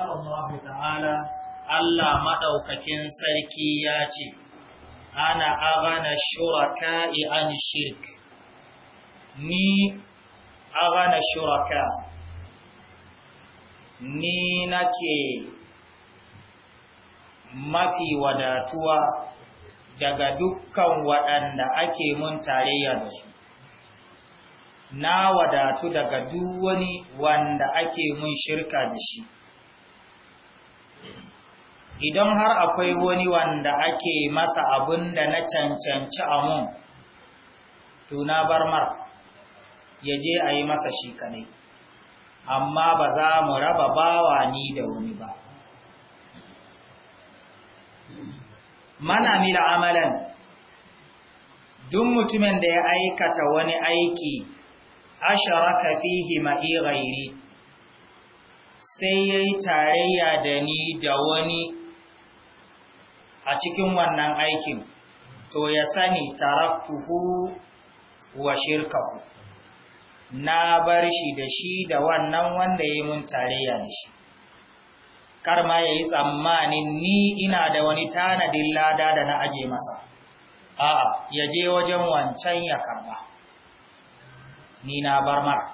sallallahu ta'ala Allah madaukakin sarki ya ce ana agana shuraka'i an shirk ni agana shuraka ni nake mafi wadatuwa daga dukkan waɗanda ake mun tarayya da su na wadatu daga duk wani wanda ake mun shirka da shi idan har akwai wani wanda ake masa abin da na cancanci a mun tuna barmar ya je a yi masa shi kanai amma ba za mu raba bawa ni da wani ba mana mila amalan duk mutumin da ya aikata wani aiki asharaka fihi ma'i ghairi sai yayi tarayya da ni da wani a cikin wannan aikin to ya sani taraktuhu wa shirkahu na bar shi da shi da wannan wanda ya yi mun tarayya da shi kar ma ya yi tsammanin ni ina da wani tanadin lada da na aje masa a'a ya je wajen wancan ya karba ni na bar mara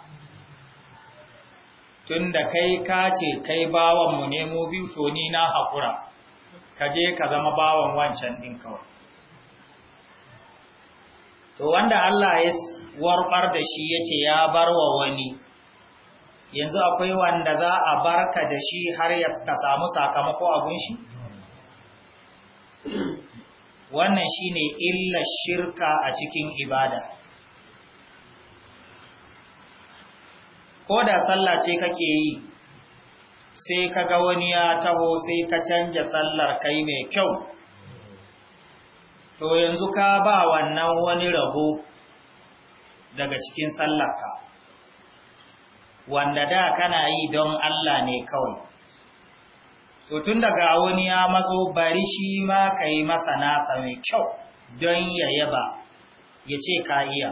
tun da kai kace ce kai bawanmu ne mu biyu to ni na haƙura ka je ka zama bawan wancan ɗin kawai to wanda Allah ya warbar da shi ya ce ya bar wa wani yanzu akwai wanda za a barka da shi har ya ka samu sakamako abun shi wannan shine illa shirka a cikin ibada ko da sallah ce kake yi sai ka ga wani ya taho sai ka canja sallar kai mai kyau to yanzu ka ba wannan wani rabo daga cikin sallar ka. wanda da kana yi don Allah ne kawai to tun daga wani ya matso bari shi ma ka yi masa nasa mai kyau don ya yaba ya ce ka iya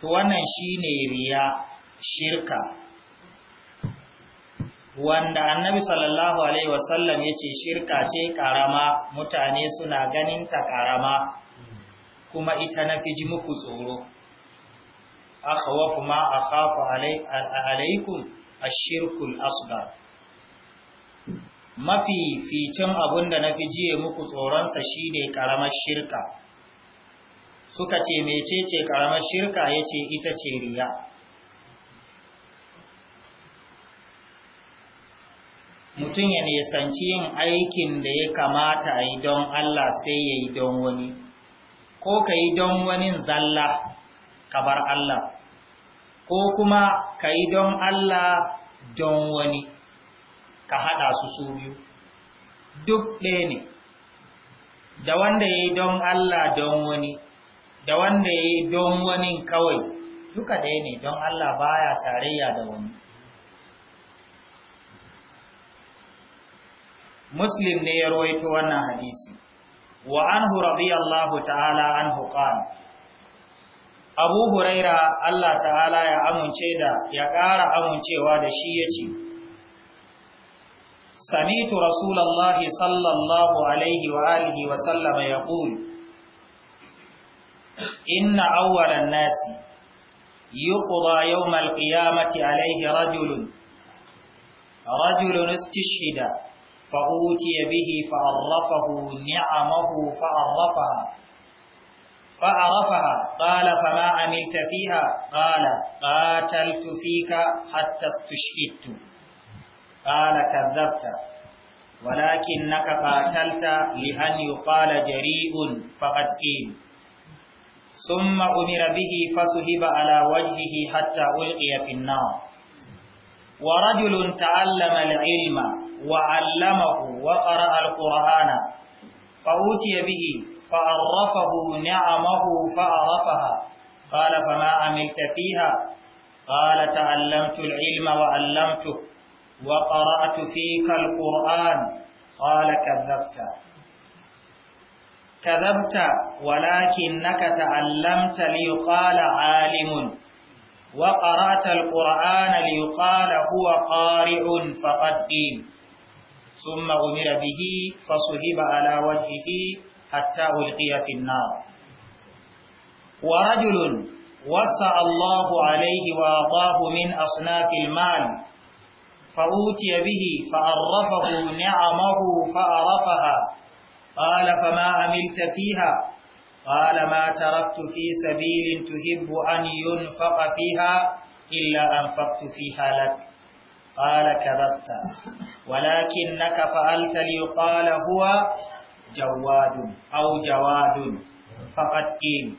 to wannan shi ne riya shirka wanda annabi sallallahu alaihi wasallam ya ce shirka ce karama mutane suna ganin ta karama kuma ita na fiji muku tsoro akhawafu ma akhafu alaikum ashirkul asghar mafi ficin abunda na jiye muku tsoronsa shine karamar shirka suka ce mecece karamar shirka yace ita ce riya mutum ya nisanci yin aikin da ya kamata a yi don Allah sai ya yi don wani ko ka yi don wani zalla ka bar Allah ko kuma ka yi don Allah don wani ka haɗa su su biyu duk ɗaya ne da wanda ya yi don Allah don wani da wanda ya yi don wani kawai duka ɗaya ne don Allah baya tarayya da wani muslim ne ya rawaito wannan hadisi wa anhu radiyallahu ta'ala anhu qala abu huraira Allah ta'ala ya amince da ya ƙara amincewa da shi yace samitu rasulullahi sallallahu alaihi wa alihi wa sallama yaqulu inna awwalan nasi yuqda yawm alqiyamati alayhi rajulun rajulun istishhida فأوتي به فعرفه نعمه فعرفها فعرفها قال فما عملت فيها قال قاتلت فيك حتى استشهدت قال كذبت ولكنك قاتلت لأن يقال جريء فقد قيل ثم أمر به فسهب على وجهه حتى ألقي في النار ورجل تعلم العلم وعلمه وقرأ القرآن فأوتي به فعرفه نعمه فعرفها قال فما عملت فيها قال تعلمت العلم وعلمته وقرأت فيك القرآن قال كذبت كذبت ولكنك تعلمت ليقال عالم وقرأت القرآن ليقال هو قارئ فقد قيل ثم أمر به فصهب على وجهه حتى ألقي في النار ورجل وسع الله عليه وأعطاه من أصناف المال فأوتي به فعرفه نعمه فعرفها قال فما عملت فيها قال ما تركت في سبيل تحب أن ينفق فيها إلا أنفقت فيها لك قال كذبت ولكنك فعلت ليقال هو جواد أو جواد فقد قيل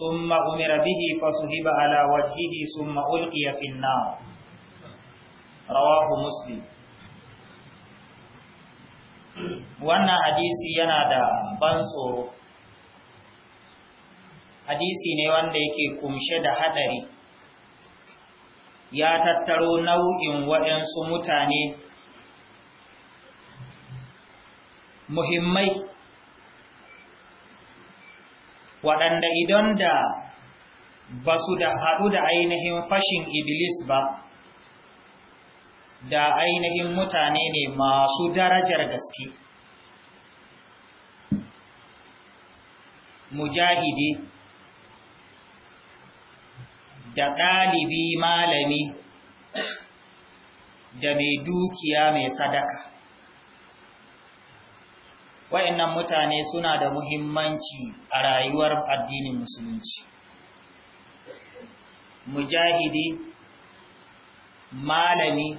ثم أمر به فصهب على وجهه ثم ألقي في النار رواه مسلم وأنا حديثي ينادى بنصر hadisi ne wanda yake kumshe da hadari ya tattaro nau'in waɗansu mutane muhimmai waɗanda idan da basu su da haɗu da ainihin fashin iblis ba da ainihin mutane ne masu darajar gaske mujahidi da ɗalibi malami da mai dukiya mai sadaka wa'innan mutane suna da muhimmanci a rayuwar addinin musulunci mujahidi malami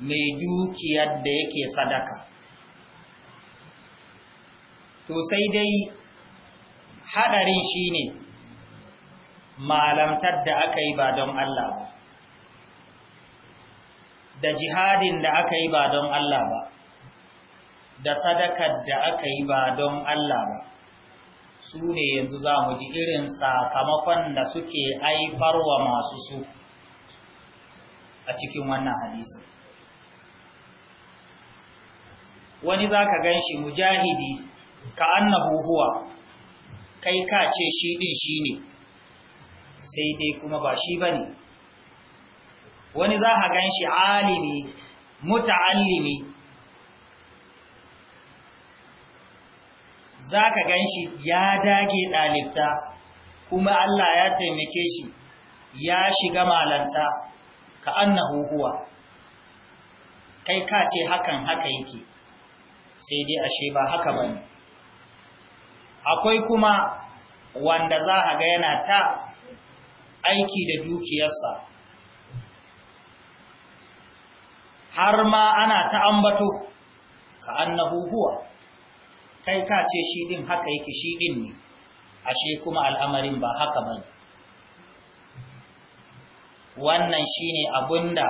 mai dukiyar da yake sadaka to sai dai haɗarin shine malamtar da aka yi ba don Allah ba da jihadin da aka yi ba don Allah ba da sadakar da aka yi ba don Allah ba su ne yanzu za mu ji irin sakamakon da suke aifarwa masu su a cikin wannan hadisi wani za ka gan shi mujahidi ka annahu huwa kai ka ce shi ɗin shi ne sai dai kuma ba shi bane wani za a gan shi alimi muta'allimi za ka gan shi ya dage ɗalibta kuma Allah ya taimake shi ya shiga malanta ka annahu huwa kai ka ce hakan haka yake sai dai ashe ba haka bane akwai kuma wanda za a ga yana ta aiki da dukiyarsa har ma ana ta ambato ka annahu huwa kai ka ce shi din haka yake shi din ne ashe kuma al'amarin ba haka ba? wannan shine abunda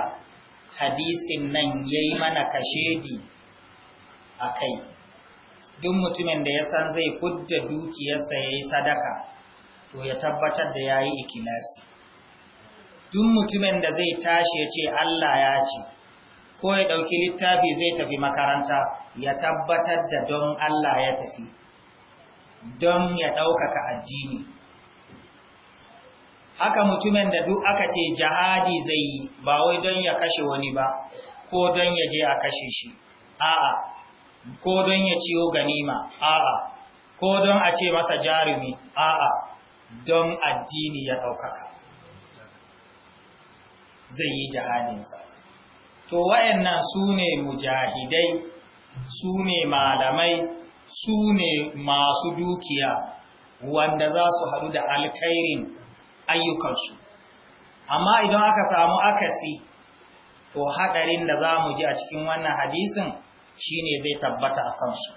hadisin nan yayi mana kashedi kai, duk mutumin da ya san zai fudda dukiyarsa yayi sadaka to ya tabbatar da ya yi ikilasi duk mutumin da zai tashi ya ce Allah ya ce ko ya ɗauki littafi zai tafi makaranta ya tabbatar da don Allah ya tafi don ya ɗaukaka addini haka mutumin da duk aka ce jihadi zai yi ba wai don ya kashe wani ba ko don ya je a kashe shi a'a ko don ya ciyo ganima a'a ko don a ce masa jarumi a'a don addini ya ɗaukaka zai yi jihadinsa to wayannan su ne mujahidai su ne malamai su ne masu dukiya wanda za su haɗu da alkairin ayyukansu amma idan aka samu akasi to haɗarin da za mu ji a cikin wannan hadisin shine zai tabbata a kansu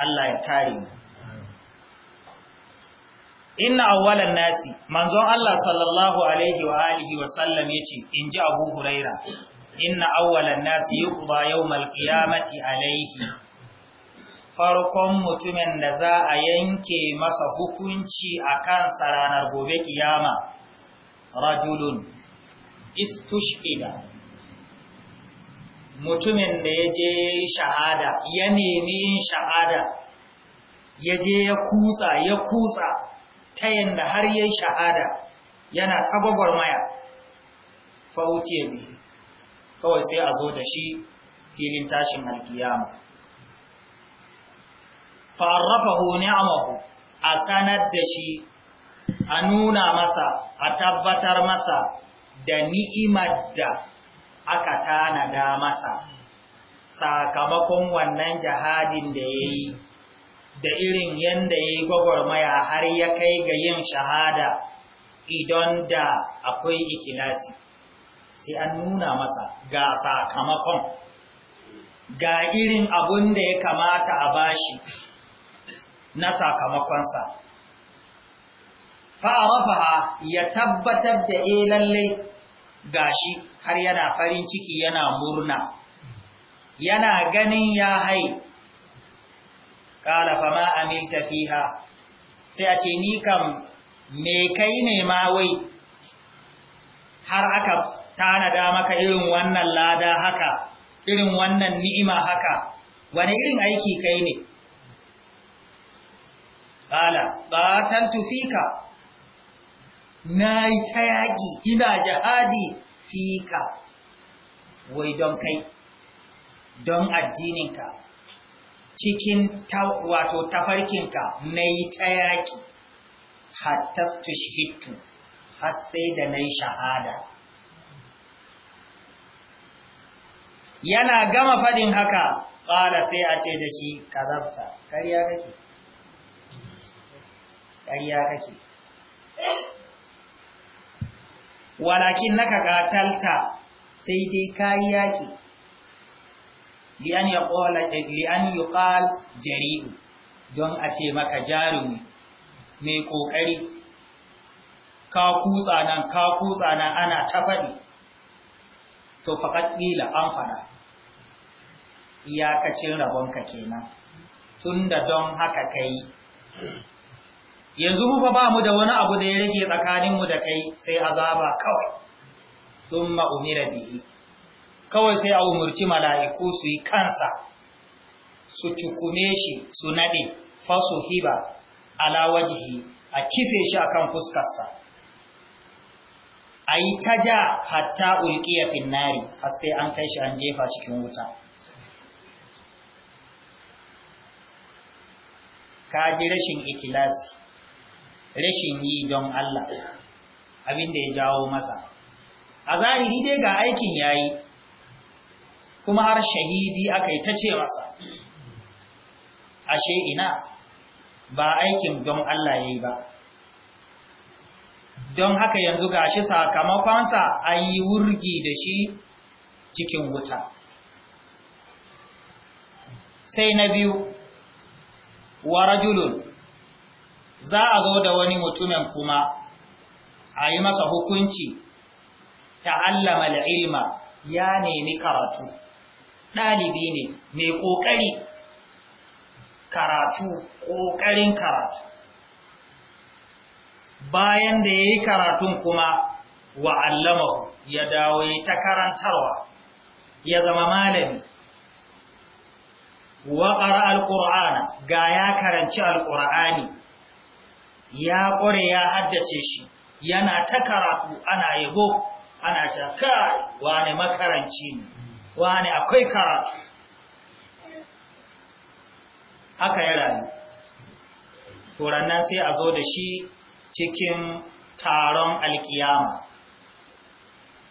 Allah ya kare mu inna awwalan nasi manzon Allah sallallahu alaihi wa alihi wa sallam yace inji Abu Huraira inna awwalan nasi yuqda yawmal qiyamati alaihi farkon mutumin da za a yanke masa hukunci akan ranar gobe kiyama rajulun istushhida mutumin da ya je shahada ya nemi shahada ya je ya kutsa ya kutsa ta yanda har yayi shahada yana tsagogwar maya fa ne, kawai sai a zo da shi filin tashin alkiyama fa arrafahu ni'amahu a sanar da shi a nuna masa a tabbatar masa da ni'imar da aka tanada masa sakamakon wannan jihadin da ya yi da irin yadda ya yi gwagwarmaya har ya kai ga yin shahada idan da akwai ikilasi sai an nuna masa ga sakamakon ga irin abun da ya kamata a bashi na sakamakonsa fa'arafa ya tabbatar da e lalle gashi har yana farin ciki yana murna yana ganin ya hai kala fa ma amilta fiha sai a ce ni kam me kai ne ma wai har aka tanada maka irin wannan lada haka irin wannan ni'ima haka wani irin aiki kai ne kala batantu fika na yi ta ina jihadi fika wai don kai don addininka cikin wato tafarkinka na yi ta yaƙi hatta tushhitu har sai da na shahada yana gama faɗin haka ƙwala sai a ce da shi kazabta ƙarya kake ƙarya kake walakin naka gatalta sai dai kayi yaƙi li'an ya yi ƙal jari'u don a ce maka jarumi mai ƙoƙari ka kutsa nan ka kutsa nan ana ta faɗi to faƙat ƙila an faɗa iyakacin rabonka kenan tun da don haka kai yanzu mu bamu ba mu da wani abu da ya rage tsakaninmu da kai sai azaba kawai sun ma'umira biyu. kawai sai a umurci mala'iku su yi kansa su cukume shi su naɗe faso hiba ala a kife shi a kan fuskarsa a yi ta ja hatta ulkiya finnari har sai an kai shi an jefa cikin wuta ka ji rashin ikilasi rashin yi don Allah abinda ya jawo masa a zahiri dai ga aikin yayi kuma har shahidi aka yi ta ce masa ashe ina ba aikin don Allah ya ba don haka yanzu ga shi sakamakon sa an yi wurgi da shi cikin wuta sai na biyu wa rajulun za a zo da wani mutumin kuma a yi masa hukunci ta'allama ilma ya nemi karatu ɗalibi ne mai ƙoƙari karatu ƙoƙarin karatu bayan da ya yi karatun kuma wa'allamahu ya dawo ta karantarwa ya zama malami Waƙar alƙura'ana ga ya karanci Alƙur'ani, ya ƙware ya haddace shi yana ta karatu ana yabo ana ta kai wani makaranci ne wani akwai karatu haka ya rayu turannan sai a zo da shi cikin taron alkiyama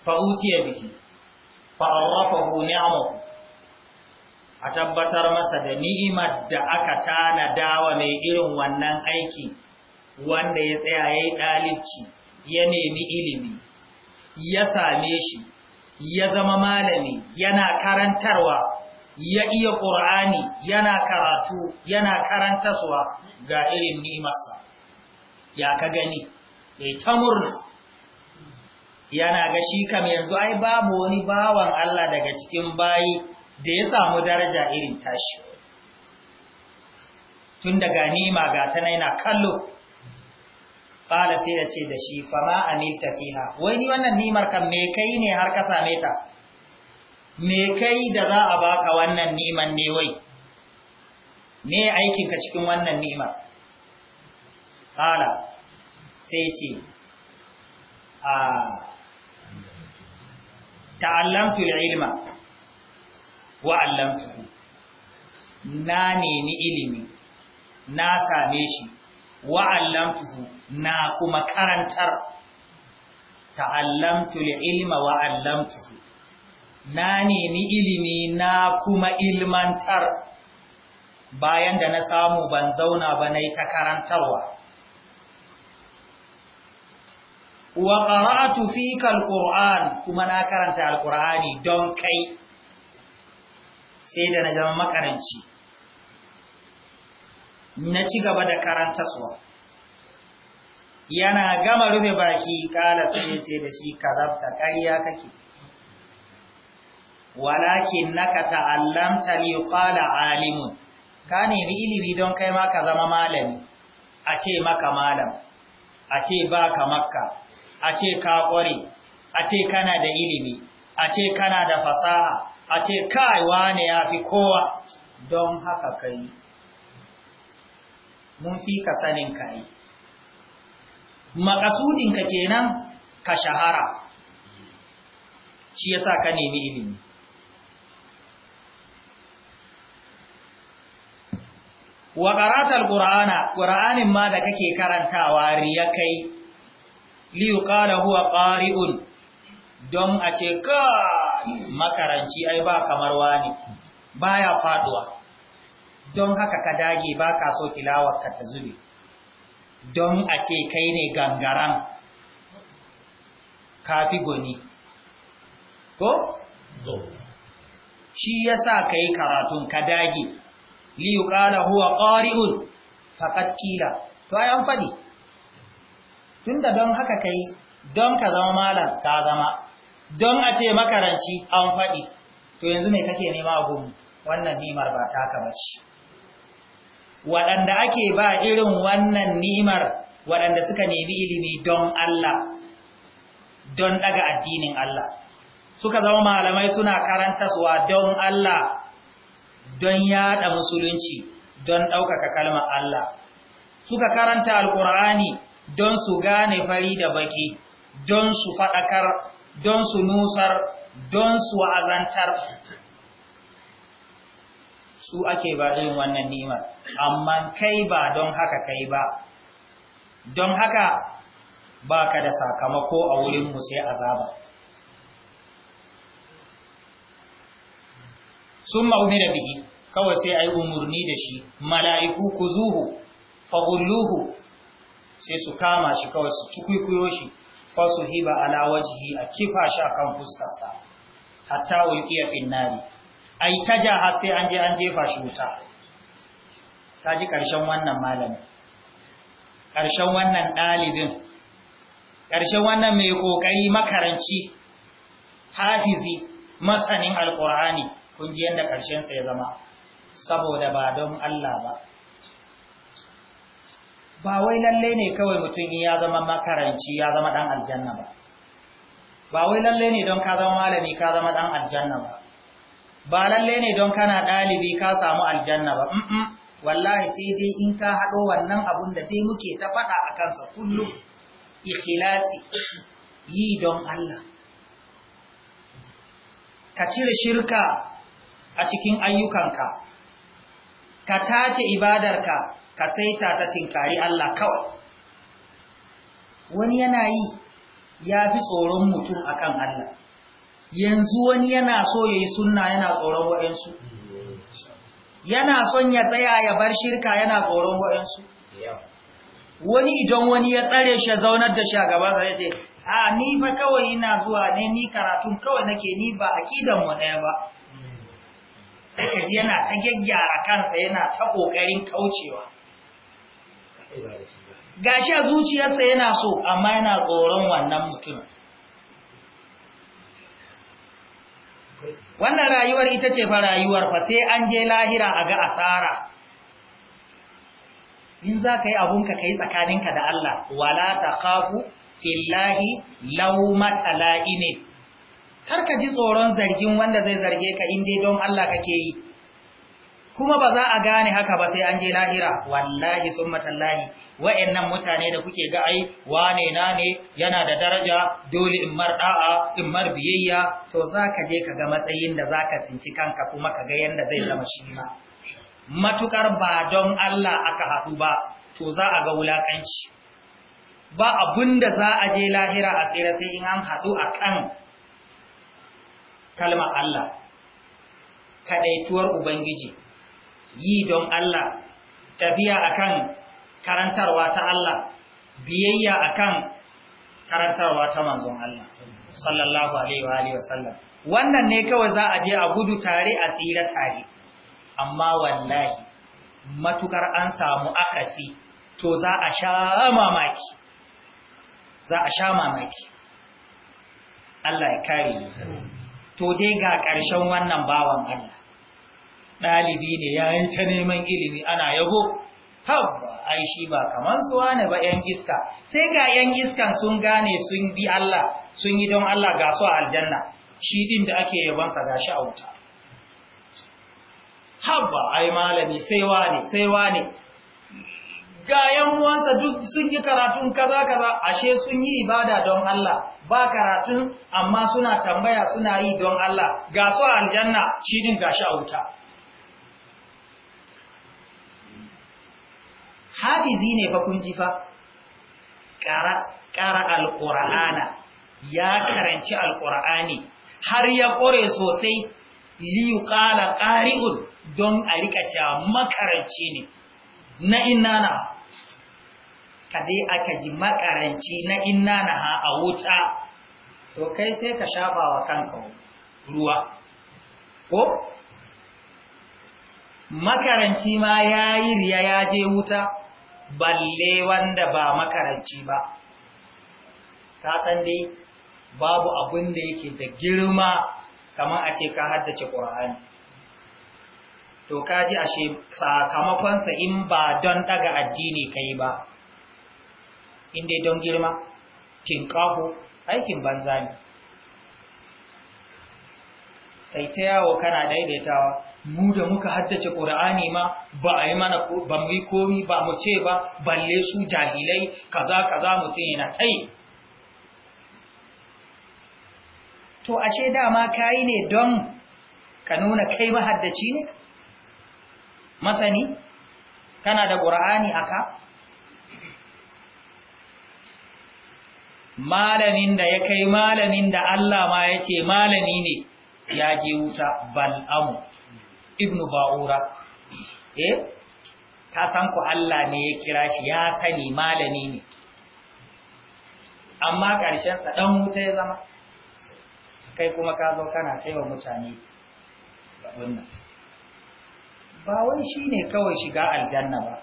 fa'utiya biki fa'arrafahu ni'amahu a tabbatar masa da ni'imar da aka tana dawa mai irin wannan aiki wanda ya tsaya ya yi ɗalibci ya nemi ilimi ya same shi ya zama malami yana karantarwa ya iya ƙur'ani yana karatu yana karantarwa ga irin nimarsa ya ka gani ya ta murna yana ga shi kam yanzu ai babu wani bawan Allah daga cikin bayi da ya samu daraja irin tashi tun daga nima ga ta na kallo Kala sai ya ce da shi, fama amilta fiha, wai ni wannan nimar kan me kai ne har ka same ta, me kai da za a baka wannan niman ne wai, me aikinka cikin wannan nima Kala sai ce, a ta'allamtu ilma wa allamtu na nemi ilimi, na same shi. wa'allamtuhu na kuma karantar ta'allamtu ilma wa'allamtuhu na nemi ilimi na kuma ilmantar bayan da na samu ban zauna ba na ta karantarwa wa qara'tu fika kuma na karanta Alƙur'ani don kai sai da na zama makaranci na ci gaba da karantaswa yana gama rufe baki kala sai ce da shi karabta ƙarya kake walakin naka ta'allamta li qala alimun ka nemi ilimi don kai ma ka zama malami a ce maka malam a ce baka makka a ce ka kware. a ce kana da ilimi a ce kana da fasaha a ce kai wane yafi kowa don haka kai mun fi ka sanin kayi makasudinka kenan ka shahara shi yasa ka nemi ilimi wa qaratal qur'ana qur'anin ma da kake karantawa riyakai li yuqala huwa qari'un don a ce ka makaranci ai ba kamar wani baya faduwa don haka ka dage ba ka so tilawar ka ta zube don a ce kai ne gangaran kafi goni ko? shi ya sa ka yi karatun ka dage liyu ƙala huwa ƙari'un faƙat ƙila to an faɗi tun da don haka ka yi don ka zama malam ka zama don a ce makaranci an faɗi to yanzu mai kake nema a wannan nimar ba ka bace waɗanda ake ba irin wannan nimar waɗanda suka nemi ilimi don Allah don daga addinin Allah suka zama malamai suna karantaswa don Allah don yada musulunci don ɗaukaka kalmar Allah suka karanta alkur'ani don su gane fari da baki don su faɗakar don su nusar don su wa'azantar su ake ba irin wannan nima, amma kai ba don haka kai ba don haka ba ka da sakamako a wurin mu sai azaba sun summa da biki kawai sai a yi umurni da shi mala'iku ku zuhu fagulluhu sai su kama shi kawai su cikwikwiyo shi fasu ba ala wajihi a kifa shi kan fuskarsa hatta ulqiya fin nari a yi ta ja har sai an je an jefa shi wuta ta ji ƙarshen wannan malamin ƙarshen wannan ɗalibin ƙarshen wannan mai ƙoƙari makaranci hafizi masanin alƙur'ani kun ji yadda ƙarshensa ya zama saboda ba don Allah ba ba wai lalle ne kawai mutum ya zama makaranci ya zama ɗan aljanna ba ba wai lalle ne don ka zama malami ka zama ɗan aljanna ba ba lalle ne don kana ɗalibi ka samu aljanna ba wallahi sai dai in ka haɗo wannan abun da dai muke ta faɗa a kansa kullum ikhlasi yi don Allah ka cire shirka a cikin ayyukanka ka tace ibadarka ka saita ta tinkari Allah kawai wani yana yi ya fi tsoron mutum akan Allah yanzu wani yana so ya yi sunna yana tsoron waɗansu yana son ya tsaya ya bar shirka yana tsoron waɗansu wani idan wani ya tsare shi zaunar da shi a gaba zai ce a ni ba kawai ina zuwa ne ni karatun kawai nake ni ba a mu waɗaya ba sai yana ta gyaggyara kansa yana ta ƙoƙarin kaucewa gashi a zuciyarsa yana so amma yana tsoron wannan mutum wannan rayuwar ita ce fa rayuwar fa sai an je lahira a ga asara in za ka yi abunka ka yi tsakaninka da Allah wala ta kafu fillahi laumata la'ine kar ka ji tsoron zargin wanda zai zarge ka in dai don Allah kake yi kuma ba za a gane haka ba sai an je lahira wallahi summa tallahi wa'annan mutane da kuke ga ai wane na ne yana da daraja dole in mar da'a in mar biyayya to zaka je ka ga matsayin da zaka tsinci kanka kuma ka ga yanda zai zama shi ma matukar ba don Allah aka haɗu ba to za a ga wulakanci ba abunda za a je lahira a tsira sai in an haɗu akan kalmar Allah kadaituwar ubangiji yi don Allah tafiya akan karantarwa ta Allah biyayya akan karantarwa ta manzon Allah sallallahu alaihi wa alihi wasallam wannan ne kawai za a je a gudu tare a tsira tare amma wallahi matukar an samu akasi to za a sha mamaki za a sha mamaki Allah ya kare to dai ga ƙarshen wannan bawan Allah ɗalibi ne ya yi ta neman ilimi ana yabo Haba, ai shi ba kamar su wane ba ‘yan iska sai ga ‘yan iskan sun gane sun bi Allah sun yi don Allah ga su a aljanna shi ɗin da ake yabonsa ga shi a wuta Haba, ai malami sai wane sai wane ga ‘yan uwansa duk sun yi karatun kaza kaza ashe sun yi ibada don Allah ba karatun amma suna tambaya suna yi don Allah ga su a aljanna shi ɗin ga shi a wuta hafizi ne fa kun ji fa ƙara alƙura'ana ya karanci alƙura'ani har ya ƙore sosai liyu ƙala ƙari'un don a rika cewa makaranci ne na inana ka zai aka ji makaranci na inana ha a wuta to kai sai ka shafa wa kanka ruwa ko makaranci ma ya yi riya ya je wuta balle wanda ba makaranci ba ka san dai babu abin da yake da girma kamar a ce ka haddace ƙur'ani to ka ji ashe sakamakonsa in ba don ɗaga addini ka yi ba inda don girma kin tinƙaho aikin banza ne kai ta yawo kana daidaitawa mu da muka haddace qur'ani ma ba a yi mana ba mu yi komi ba mu ce ba balle su jahilai kaza kaza mu ce na kai to ashe dama kai ne don ka nuna kai mahaddaci ne masani kana da qur'ani aka malamin da ya kai malamin da Allah ma yace malami ne ya je wuta bal'amu ibnu ba'ura eh ta san ku Allah ne ya kira shi ya sani malami ne amma ƙarshen sa dan wuta ya zama kai kuma ka zo kana taiwa mutane wannan ba wai shine kawai shiga aljanna ba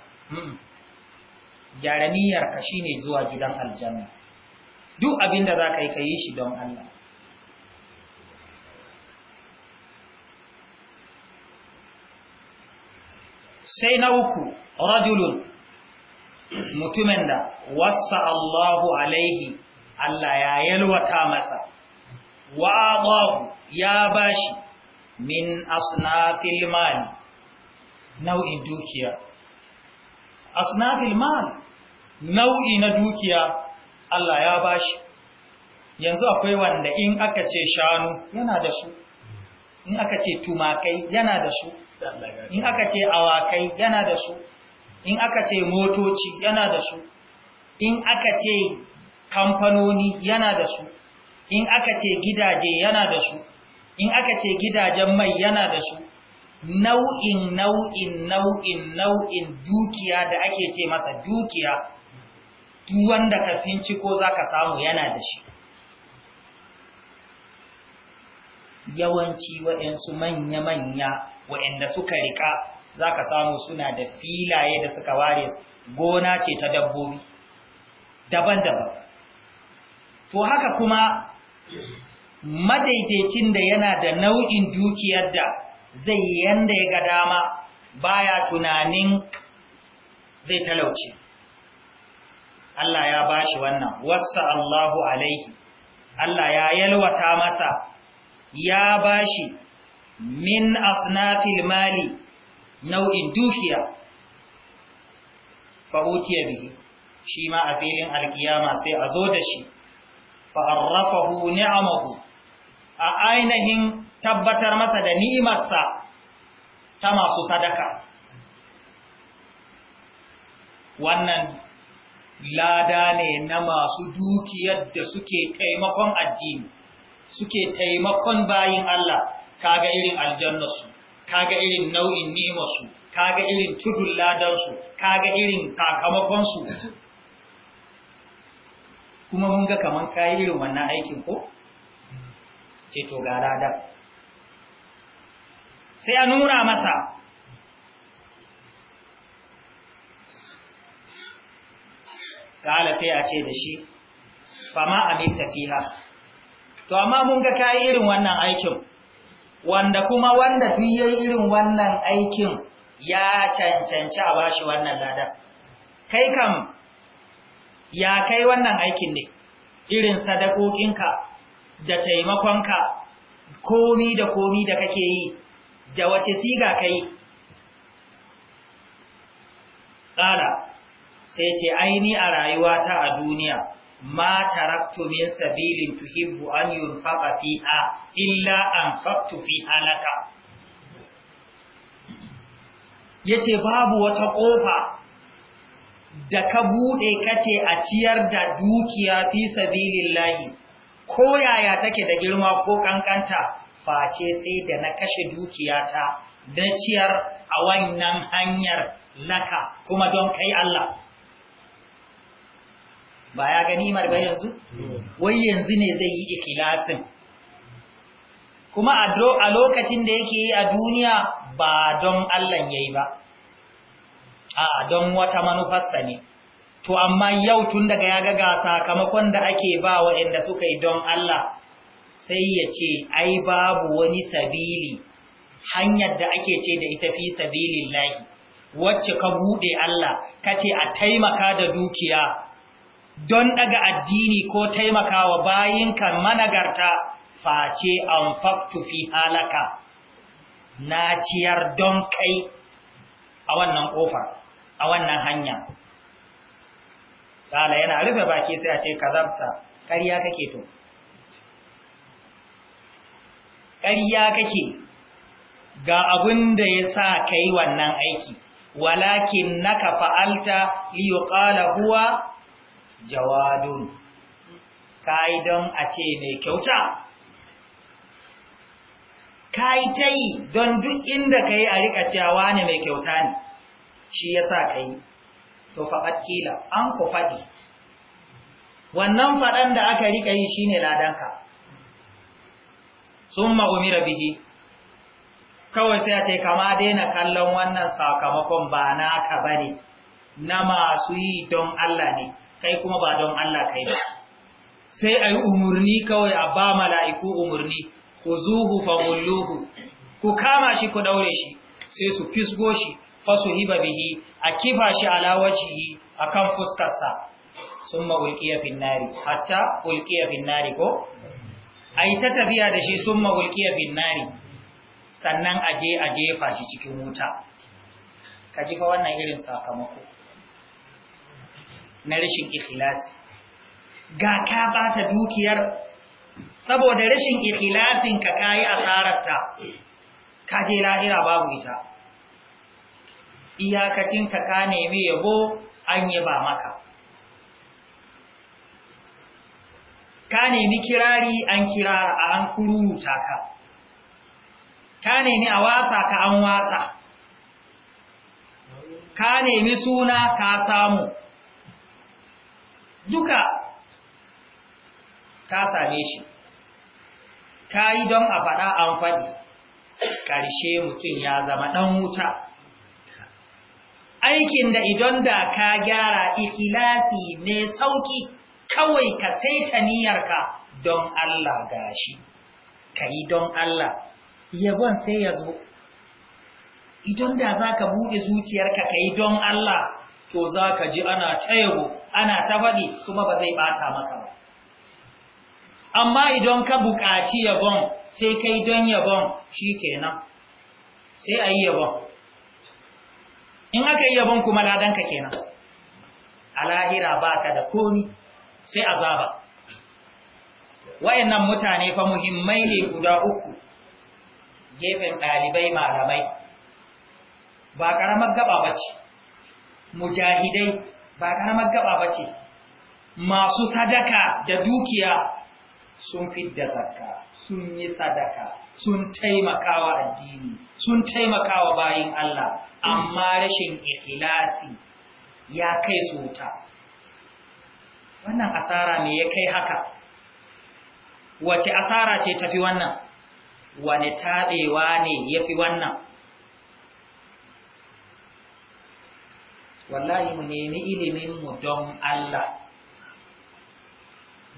gyara niyyar ka shine zuwa gidan aljanna duk abinda zaka ka yi ka shi don Allah sai na uku rajulun mutumin da wasa Allahu alaihi Allah ya yalwata masa wa ya bashi min asnafil mali nau'in dukiya asnafil mali nau'i na dukiya Allah ya bashi yanzu akwai wanda in aka ce shanu yana da su in aka ce tumakai yana da su in aka ce awakai yana da su in aka ce motoci yana da su in aka ce kamfanoni yana da su in aka ce gidaje yana da su in aka ce gidajen mai yana da su nau'in nau'in nau'in nau'in dukiya da ake ce masa dukiya duk wanda ka finci ko za ka samu yana da shi yawanci waɗansu manya-manya Wa'inda suka riƙa za ka samu suna da filaye da suka ware gona ce ta dabbobi daban-daban to haka kuma madaidaicin da yana da nau'in dukiyar da zai yi yanda ya ga dama baya tunanin zai talauci Allah ya bashi wannan wasa Allahu alaihi Allah ya yalwata masa ya bashi min asnafil mali nau'in dukiya fa'utiya bihi shi ma a filin alkiyama sai a zo da shi fa'arrafahu ni'amahu a ainihin tabbatar masa da ni'imarsa ta masu sadaka wannan lada ne na masu dukiyar da suke taimakon addini suke taimakon bayin Allah kaga irin aljannarsu kaga irin nau'in ni'imarsu kaga irin tudun ladarsu kaga irin sakamakonsu kuma mun ga kaman kayi irin wannan aikin ko ce to ga rada. sai a nura masa kala sai a ce da shi fama amilta fiha to amma mun ga kayi irin wannan aikin wanda kuma wanda duk yayi irin wannan aikin ya cancanci a bashi wannan ladan kai kam ya kai wannan aikin ne irin sadakokinka da taimakonka komi da komi da kake yi da wace siga kai ƙara sai ce aini a rayuwata a duniya ma taraktu min sabilin tuhibbu an yunfaqa fiha illa an faktu fi halaka yace babu wata kofa da ka bude kace a ciyar da dukiya fi sabilillahi ko yaya take da girma ko kankanta face sai da na kashe dukiyata na ciyar a wannan hanyar laka kuma don kai Allah ba ya gani ba yanzu wai yanzu ne zai yi ikilasin kuma a lokacin da yake yi a duniya ba don Allah yayi ba a don wata manufarsa ne to amma yau tun daga ya ga sakamakon da ake ba waɗanda suka yi don Allah sai ya ce ai babu wani sabili hanyar da ake ce da ita fi sabilillahi wacce ka bude Allah kace a taimaka da dukiya don daga addini ko taimakawa bayinka managarta face an faktu fi halaka na ciyar don kai a wannan kofar a wannan hanya ta'ala yana rufe baki sai a ce kazabta ƙarya kake to ƙarya kake ga abin da ya sa kai wannan aiki walakin naka fa'alta liyo ƙala huwa jawadun kai don a ce mai kyauta kai ta yi don duk inda ka yi a rika cewa ne mai kyauta ne shi ya sa ka yi to faɗaɗ kila an ku faɗi wannan faɗan da aka rika yi shi ne ladanka sun ma'umira bihi kawai sai a ce kama daina kallon wannan sakamakon ba na ka bane na masu yi don Allah ne kai kuma ba don Allah kai ba sai ayi umurni kawai a ba mala'iku umurni khuzuhu faghulluhu ku kama shi ku daure shi sai su fisgo shi hiba bihi a kifa shi ala wajhihi akan fuskarsa summa ulqiya fin nari hatta ulqiya fin nari ko ai ta tafiya da shi summa ulqiya fin nari sannan aje a jefa shi cikin wuta kaji ji fa wannan irin sakamako na rashin ikhlasi ga ka ba ta dukiyar saboda rashin ikhlasin ka a asararta ka je lahira babu ita iyakacin ka ka nemi yabo an yi ba maka ka nemi kirari an kirara an kuruta ka ka nemi a wasa ka an wasa ka nemi suna ka samu duka ka same shi ka yi don a faɗa an faɗi ƙarshe mutum ya zama ɗan wuta aikin da idan da ka gyara ikilasi ne sauki kawai ka sai ta niyyarka don Allah gashi ka yi don Allah yabon sai ya zo idan da za ka buɗe zuciyarka ka yi don Allah to za ka ji ana ta ana ta faɗi kuma ba zai ɓata maka ba amma idan ka buƙaci yabon sai kai don yabon shi kenan sai a yi yabon in aka yi yabon kuma ladanka kenan a lahira ba ka da komi sai azaba wayannan mutane fa muhimmai ne guda uku gefen ɗalibai malamai ba ƙaramar gaba bace. mujahidai ba karamar gaba ba ce masu sadaka da dukiya sun fidda zakka sun yi sadaka sun taimakawa addini sun taimakawa bayin Allah amma rashin ikhlasi ya kai su ta. wannan asara me ya kai haka wace asara ce tafi wannan wani taɗewa ne yafi wannan wallahi mu nemi ilimin mu don Allah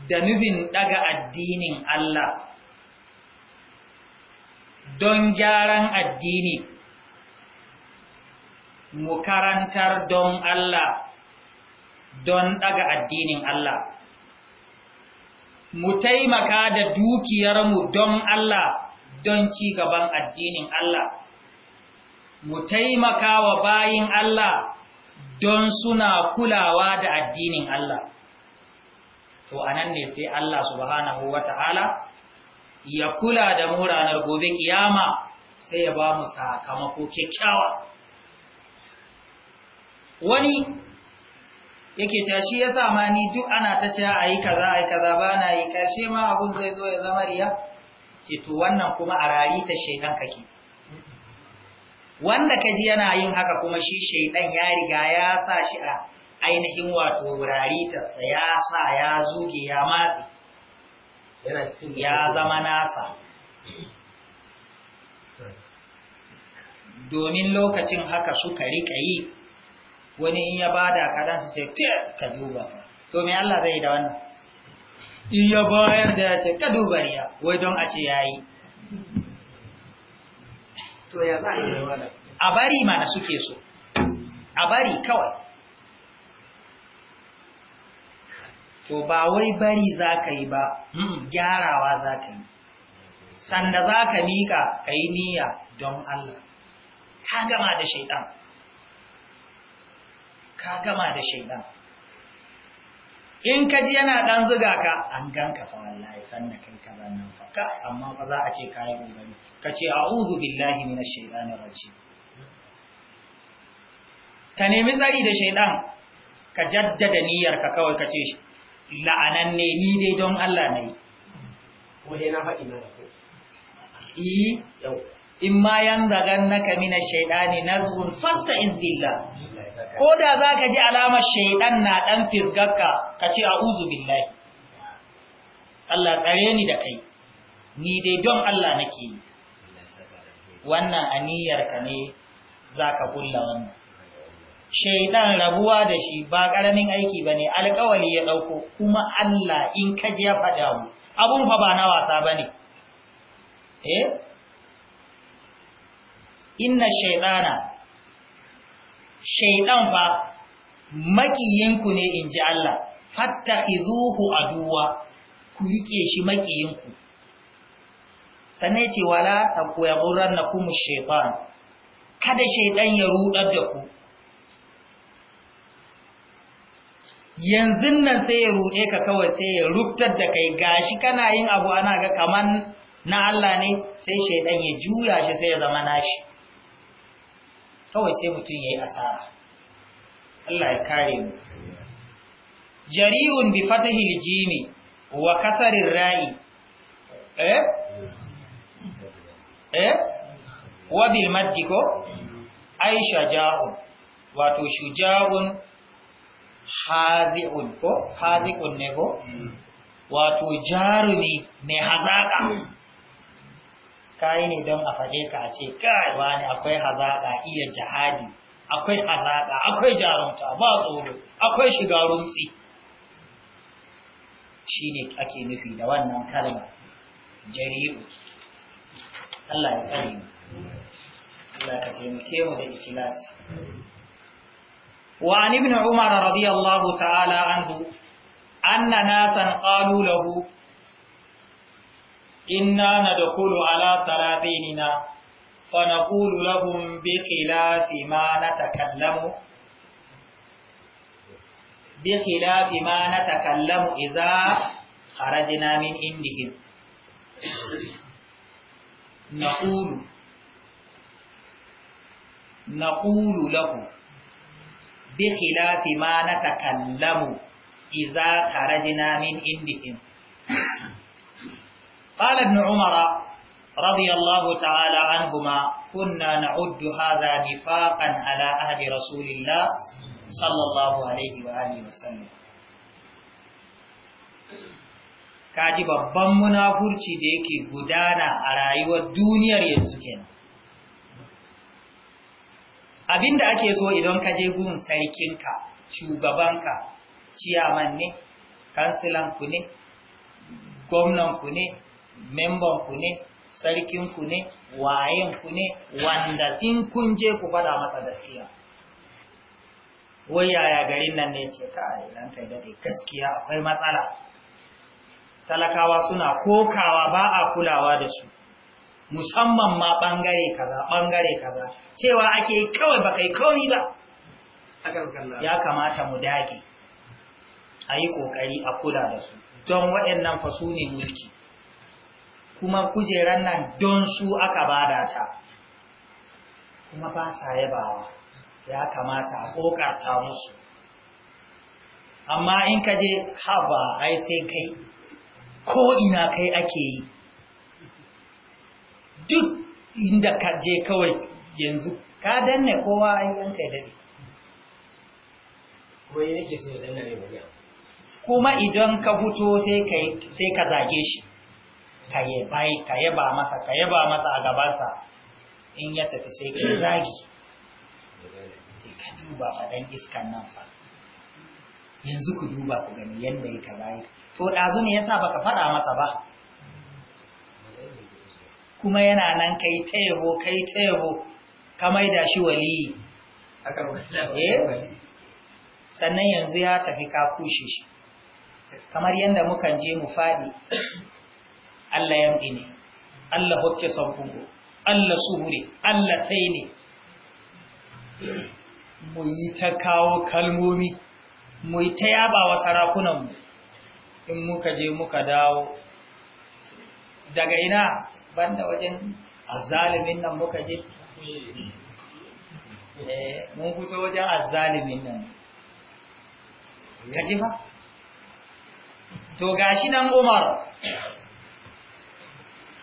da nufin daga addinin Allah don gyaran addini mu karantar don Allah don daga addinin Allah mu taimaka da dukiyarmu don Allah don ci gaban addinin Allah mu taimaka wa bayin Allah don suna kulawa da addinin Allah to anan ne sai Allah subhanahu wata'ala ya kula da mu ranar gobe kiyama sai ya ba mu sakamako kyakkyawa wani yake tashi shi ya sama ni duk ana ta ce a yi kaza a yi kaza ba na yi karshe ma abun zai zo ya zama riya ce to wannan kuma a rayu ta shekan kake wanda kaji yana yin haka kuma shi shaidan ya riga ya sa shi a ainihin wato wurare ta ya sa ya zuge ya matse, ya zama nasa domin lokacin haka suka rika yi wani in ya bada kadan su ce ka duba to me Allah zai da wannan in ya bayar da ya ce ka duba riya wai don a ce yayi to ya za a bari mana suke so a bari kawai to ba wai bari za ka yi ba mm, gyarawa za ka yi sanda za ka miƙa ka yi niyya don Allah ka gama da shaidan ka gama da shaidan in ka ji yana dan zuga ka an ganka fa wallahi sanna kai ka ban nan fa amma fa za a ce kai gogari ka ce a'udhu billahi minash shaitanir rajim ka nemi tsari da shaitan ka jaddada niyyar ka kawai ka ce la'anan ne ni dai don Allah ne ko dai na faɗi na ko eh, yi in ma yanzagan naka minash shaitani nazghun in billah ko da za ka ji alamar shaidan na ɗan fisgarka ka ce a uzu billahi Allah tsare ni da kai ni dai don Allah nake yi wannan aniyarka ne za ka kulla wannan shaidan rabuwa da shi ba ƙaramin aiki ba ne alƙawali ya ɗauko kuma Allah in ka ji ya faɗa mu abun fa ba na wasa ba ne eh inna shaidana Shaiɗan fa makiyinku ne in ji Allah izuhu aduwa ku rike shi makiyinku sannan ce wala taqwa na kuma shaytan kada shaidan ya rudar da ku yanzu nan sai ya ruɗe ka kawai sai ya rubtar da kai gashi kana yin abu ana ga kaman na Allah ne sai shaidan ya juya shi sai ya zama nashi kawai sai mutum ya yi asara Allah ya kare mu jari'un bi fatahil jimi wa kasarin ra'i eh eh wa bil maddi ko ai shaja'un wato shuja'un hazi'un ko hazi'un ne ko hmm. wato jarumi mai hazaka kayi ne don a faɗe ka a ce kai wani akwai hazaƙa iya jihadi akwai hazaƙa akwai jarumta ba tsoro akwai shiga rumtsi shi ne ake nufi da wannan kalma jari'u Allah ya tsare mu Allah ka taimake mu da ikhlas wa an ibn umar radiyallahu ta'ala anhu anna nasan qalu lahu inna na da kulu ala salatinina fanakulu lahum bi khilafi ma na takallamu bi khilafi ma na takallamu idza kharajna min indihim naqulu naqulu قال ابن عمر رضي الله تعالى عنهما كنا نعد هذا نفاقا على أهل رسول الله صلى الله عليه وآله وسلم kaji babban munafurci da yake gudana a rayuwar duniyar yanzu kenan abinda ake so idan ka je gun sarkinka shugabanka ciyaman ne kansilan ku ne gwamnan ne memban ku ne sarkin ku ne wayen ku ne wanda in kun je ku fada masa gaskiya wai yaya garin nan ne ce kai nan kai daɗe, gaskiya akwai matsala talakawa suna kokawa ba a kulawa da su musamman ma ɓangare kaza bangare kaza cewa ake kawai ba kai kawai ba ya kamata mu dage a yi kokari a kula da su don waɗannan fasu mulki kuma kujeran nan don su aka bada ta kuma ba sa yabawa ya kamata a kokarta musu amma in ka je haba ai sai kai ko ina kai ake yi duk inda ka je kawai yanzu ka danne kowa ai yanka kai dade kuma idan ka fito sai ka zage shi ka yaba masa ka yaba masa a gabansa in ya tafi sai ka zagi sai ka duba dan iskan nan fa yanzu ku duba ku gani yanda ya kaza to ɗazu ne yasa baka faɗa masa ba kuma yana nan kai ta yabo kai ta yabo ka maida shi waliyi eh? sannan yanzu ya tafi ka kushe shi kamar yadda mukan je mu fadi Allah yamɗi ne Allah hokke sanfungo Allah suhure Allah sai ne mu yi ta kawo kalmomi mu yi ta yaba wa sarakunanmu in muka je muka dawo daga ina banda wajen azalimin nan muka je eh, mun fito wajen azalimin nan ka ji ba to gashi nan umar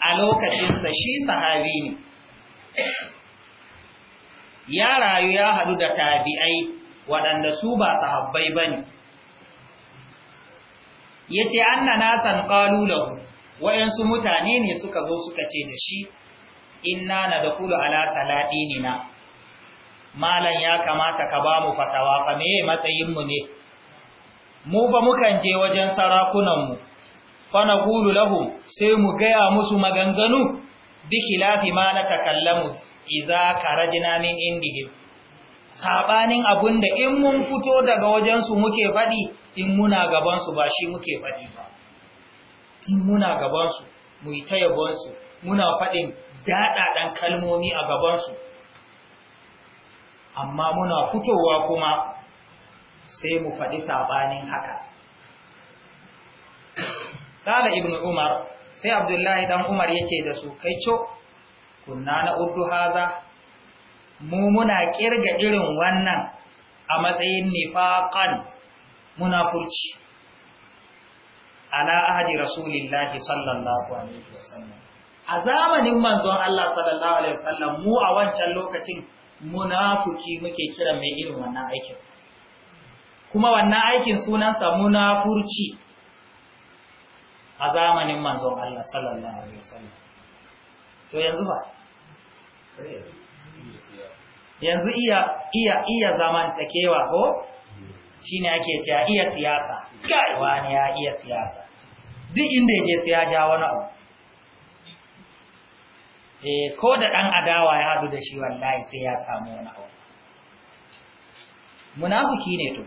a lokacinsa shi sahabi ne ya rayu ya haɗu da tabi'ai waɗanda su ba sahabbai ba ne ya ce an na nasan ƙalulahu wa'yansu mutane ne suka zo suka ce da shi inna na da kulu ala na? malan ya kamata ka bamu fatawa fa meye matsayinmu ne mu ba mukan je wajen sarakunan mu. fana kulu lahu sai mu gaya musu maganganu bi khilafi ma na takallamu idza karajna min indihim sabanin abunda in mun fito daga wajen su muke fadi in muna gaban su ba shi muke fadi ba in muna gaban su mu yi ta yabon su muna fadin dan kalmomi a gaban su amma muna fitowa kuma sai mu fadi sabanin haka Kala Ibn Umar, sai Abdullahi Dan Umar yake da su, kai co, kunna na urdu haza, mu muna kirga irin wannan a matsayin nifaƙan munafurci. Ala ahadi Rasulillahi sallallahu Alaihi wasallam. A zamanin manzon Allah sallallahu Alaihi wasallam mu a wancan lokacin munafuki muke kiran mai irin wannan aikin. Kuma wannan aikin sunansa munafurci. a zamanin manzon Allah sallallahu alaihi wasallam to yanzu ba yanzu iya iya iya zaman takewa ko shine ake cewa iya siyasa kai wani ya iya siyasa duk inda yake sai ja wani abu eh ko da dan adawa ya hadu da shi wallahi sai ya samu wani abu munafiki ne to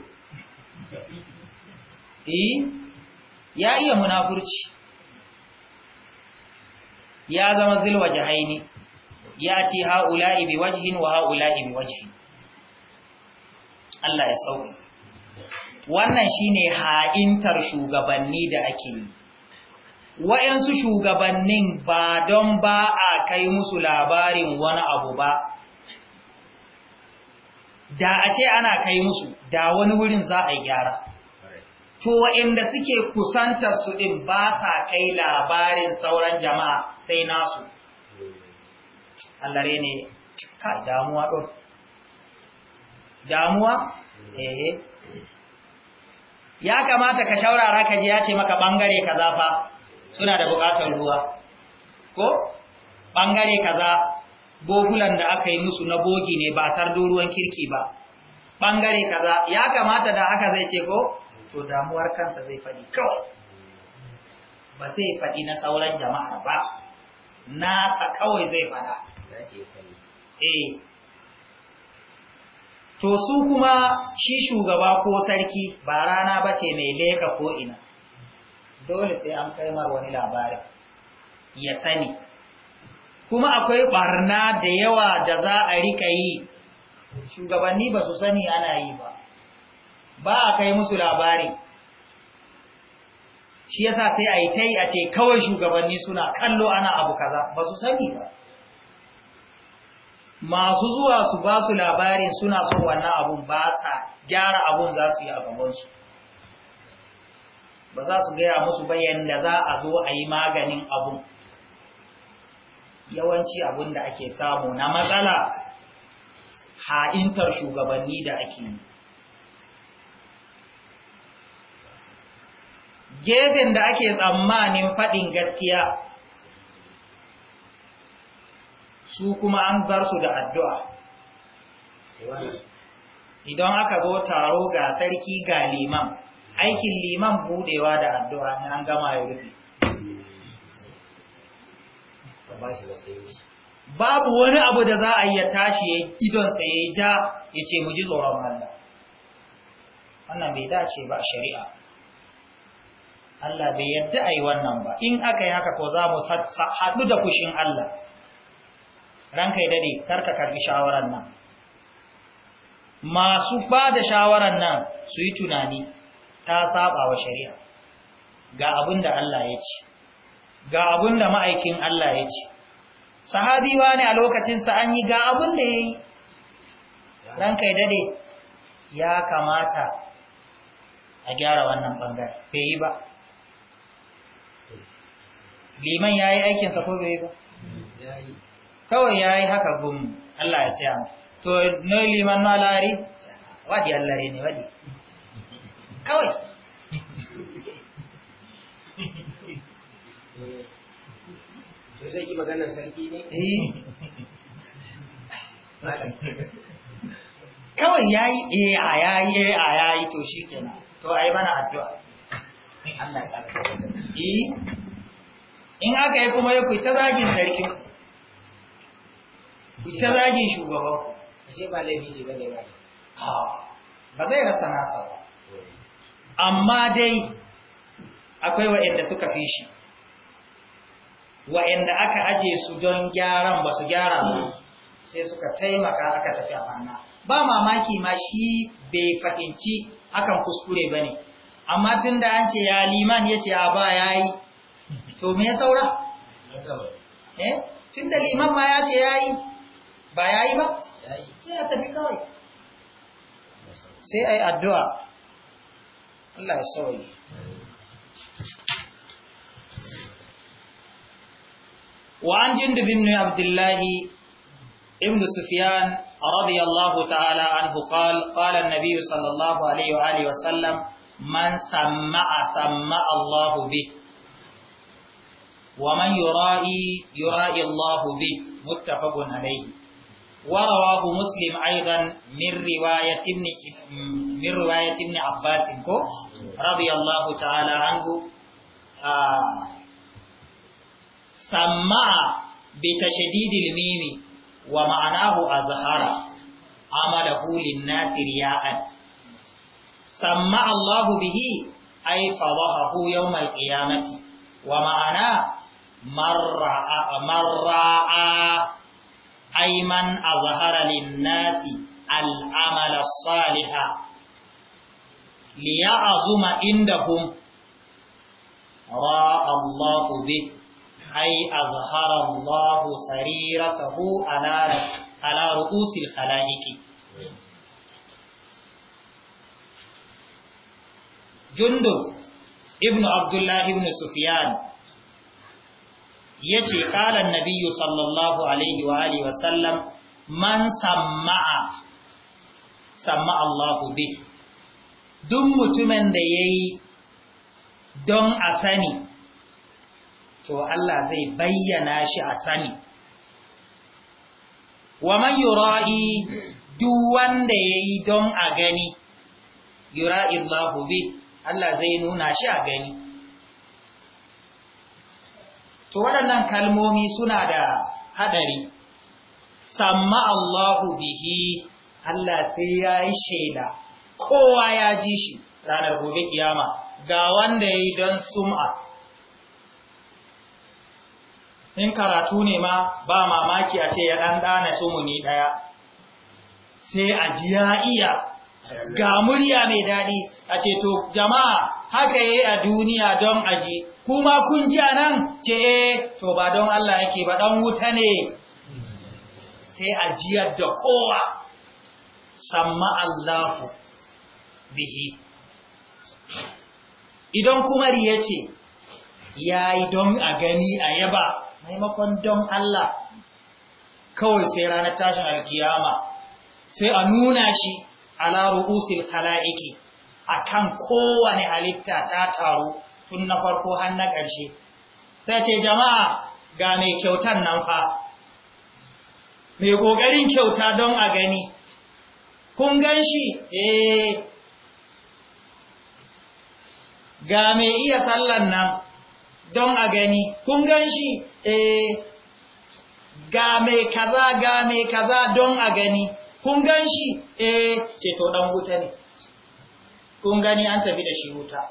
eh ya iya munafurci ya zama zilwa jahaini ya ce ha'ula'i bi wajhin wa ha'ula'i bi wajhin Allah ya sauka wannan shine ha'intar shugabanni da ake yi wa'yansu shugabannin ba don ba a kai musu labarin wani abu ba da a ce ana kai musu da wani wurin za a gyara to wa'inda suke kusanta su ɗin ba sa kai labarin sauran jama'a sai nasu. Allare ne, ka damuwa ɗon. Damuwa? Eh. Ya kamata ka shaurara ka ji ya ce maka ɓangare kaza fa suna da buƙatar ruwa. Ko? Ɓangare kaza bogulan da aka yi musu na bogi ne ba tardo ruwan kirki ba. Ɓangare kaza ya kamata da haka zai ce ko? to damuwar kansa zai faɗi kawai ba zai faɗi na sauran jama'a ba nasa kawai zai faɗa eh to su kuma shi shugaba ko sarki ba rana ba ce mai leka ko ina dole sai an kai mar wani labarin ya sani kuma akwai ɓarna da yawa da za a rika yi shugabanni ba su sani ana yi ba ba a kai musu labarin shi yasa sai a yi ta a ce kawai shugabanni suna kallo ana abu kaza ba su sani ba masu zuwa su ba su labarin suna so wannan abun ba sa gyara abun za su yi a gabansu ba za su gaya musu bayan da za a zo a yi maganin abun yawanci abun da ake samu na matsala ha'intar shugabanni da ake yi gefen da ake tsammanin faɗin gaskiya su kuma an bar su da addu'a idan aka zo taro ga sarki ga liman aikin liman budewa da addu'a ne an gama ya rufe babu wani abu da za a iya tashi ya idon tsaye ja ya ce mu ji tsoron Allah wannan bai dace ba shari'a Allah bai yadda a yi wannan ba in aka yi haka ko za mu haɗu da kushin Allah ranka yi dade karka karbi shawarar nan masu ba da shawarar nan su yi tunani ta saba wa shari'a ga abin da Allah ya ce ga abin da ma'aikin Allah ya ce sahabiwa ne a lokacinsa an yi ga abin da ya yi ranka yi dade ya kamata a gyara wannan bangare bai yi ba liman ya yi aikinsa ko bai ba kawai ya yi haka gum Allah ya ciya to no liman no lari wadi Allah ne wadi kawai to sarki ne eh. kawai ya yi eh a ya yi eh a ya yi to shi kenan to ai mana addu'a Allah ya ƙarfafa eh. in aka yi kuma ya ku ta zagin sarkin ku ta zagin shugaban ashe ba laifi ce bane ba ba zai rasa nasa ba amma dai akwai wa'anda suka fi shi wa'anda aka aje su don gyaran ba su gyara ba sai suka taimaka aka tafi a banna ba mamaki ma shi bai fahimci hakan kuskure ba ne amma tun da an ce ya liman ya ce a ba ya yi to me ya saura eh tun da liman ma ya ce ya yi ba ya yi ba sai a وعن جندب بن عبد الله ابن سفيان رضي الله تعالى عنه قال قال النبي صلى الله عليه وآله وسلم من سمع سمع الله به ومن يرائي يرائي الله به متفق عليه ورواه مسلم أيضا من رواية ابن من رواية ابن عباس رضي الله تعالى عنه آه سمع بتشديد الميم ومعناه أظهر عمله للناس رياء سمع الله به أي فضحه يوم القيامة ومعناه marra'a aiman a zahara linnasi al'amala saliha liya a zuma inda hun raallahu Allah bi ai a sariratahu ala ru'usil khalaiki jundub ibn abdullahi ibn sufyan Ya ce an Nabiyu sallallahu alaihi wa alihi wa sallam man sama'a sama Allahu bi duk mutumin da ya yi don a sani to Allah zai bayyana shi a sani wa man yura'i duk wanda ya yi don a gani yura'i Allahu bi Allah zai nuna shi a gani to waɗannan kalmomi suna da haɗari samma Allahu bihi Allah sai ya yi shaida kowa ya ji shi ranar gobe kiyama ga wanda ya yi don sum'a in karatu ne ma ba mamaki a ce ya ɗanɗana sumuni ɗaya sai a ji ya iya ga murya mai daɗi a ce to jama'a haka yi a duniya don aji kuma kun ji a nan ce e to ba don Allah yake ba don wuta ne sai ajiyar da kowa samma Allahu bihi idan kuma riya ce ya yi don a gani a yaba maimakon don Allah kawai sai ranar tashin alkiyama sai a nuna shi ala ru'usil khala'iqi akan kowane halitta ta taru tun na farko har na ƙarshe sai ce jama'a ga mai kyautan nan fa mai ƙoƙarin kyauta don a gani kun gan shi eh ga mai iya sallan nan don a gani kun gan shi eh ga mai kaza ga mai kaza don a gani kun gan shi eh ce to dan wuta ne kun gani an tafi da shi wuta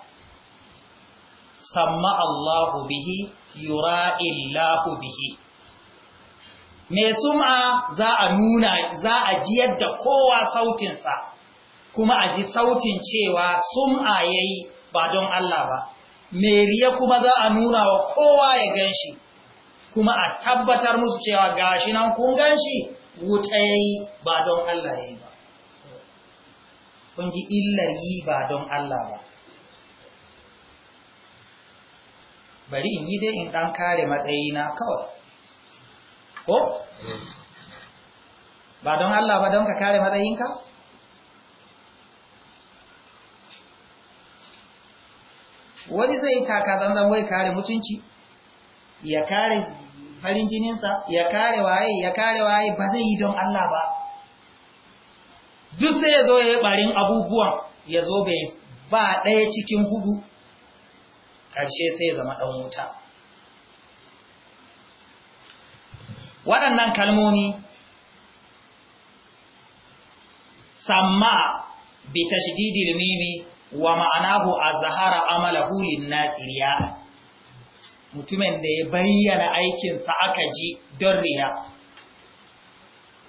samma Allahu bihi yura illahu bihi me sum'a za a nuna za a ji yadda kowa sautinsa kuma a ji sautin cewa sum'a yayi ba don Allah ba me riya kuma za a nuna wa kowa ya gan shi, kuma a tabbatar musu cewa gashi nan kun gan shi? wutayayi ba don allah yayi ba kungi illar yi ba don allah ba bari in yi dai in dan kare matsayina kawai ko ba don allah ba don ka kare matsayinka wani zai taka zanzan wai kare mutunci ya kare farin jininsa ya kare waye ya kare waye ba zai yi don Allah ba duk sai ya zo ya yi barin abubuwan ya zo bai ba ɗaya cikin hudu ƙarshe sai zama ɗan wuta waɗannan kalmomi samma bi tashdidil mimi wa ma'anahu az-zahara amalahu lin-nasiriya mutumin da ya bayyana aikinsa aka ji don riya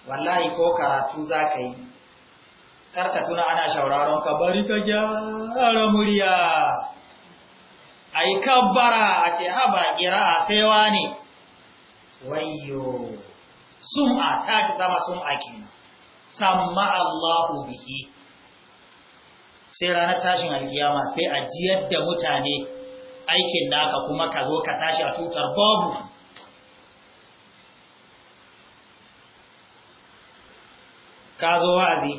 wallahi ko karatu za ka yi karka tuna ana shauraron ka bari ka gyara murya a yi kabbara a ce haba kira a saiwa ne wayo sum'a ta ta zama sum'a kenan samma Allahu bihi sai ranar tashin alkiyama sai ajiyar da mutane aikin ka kuma ka zo ka tashi a tutar babu ka zo wa'azi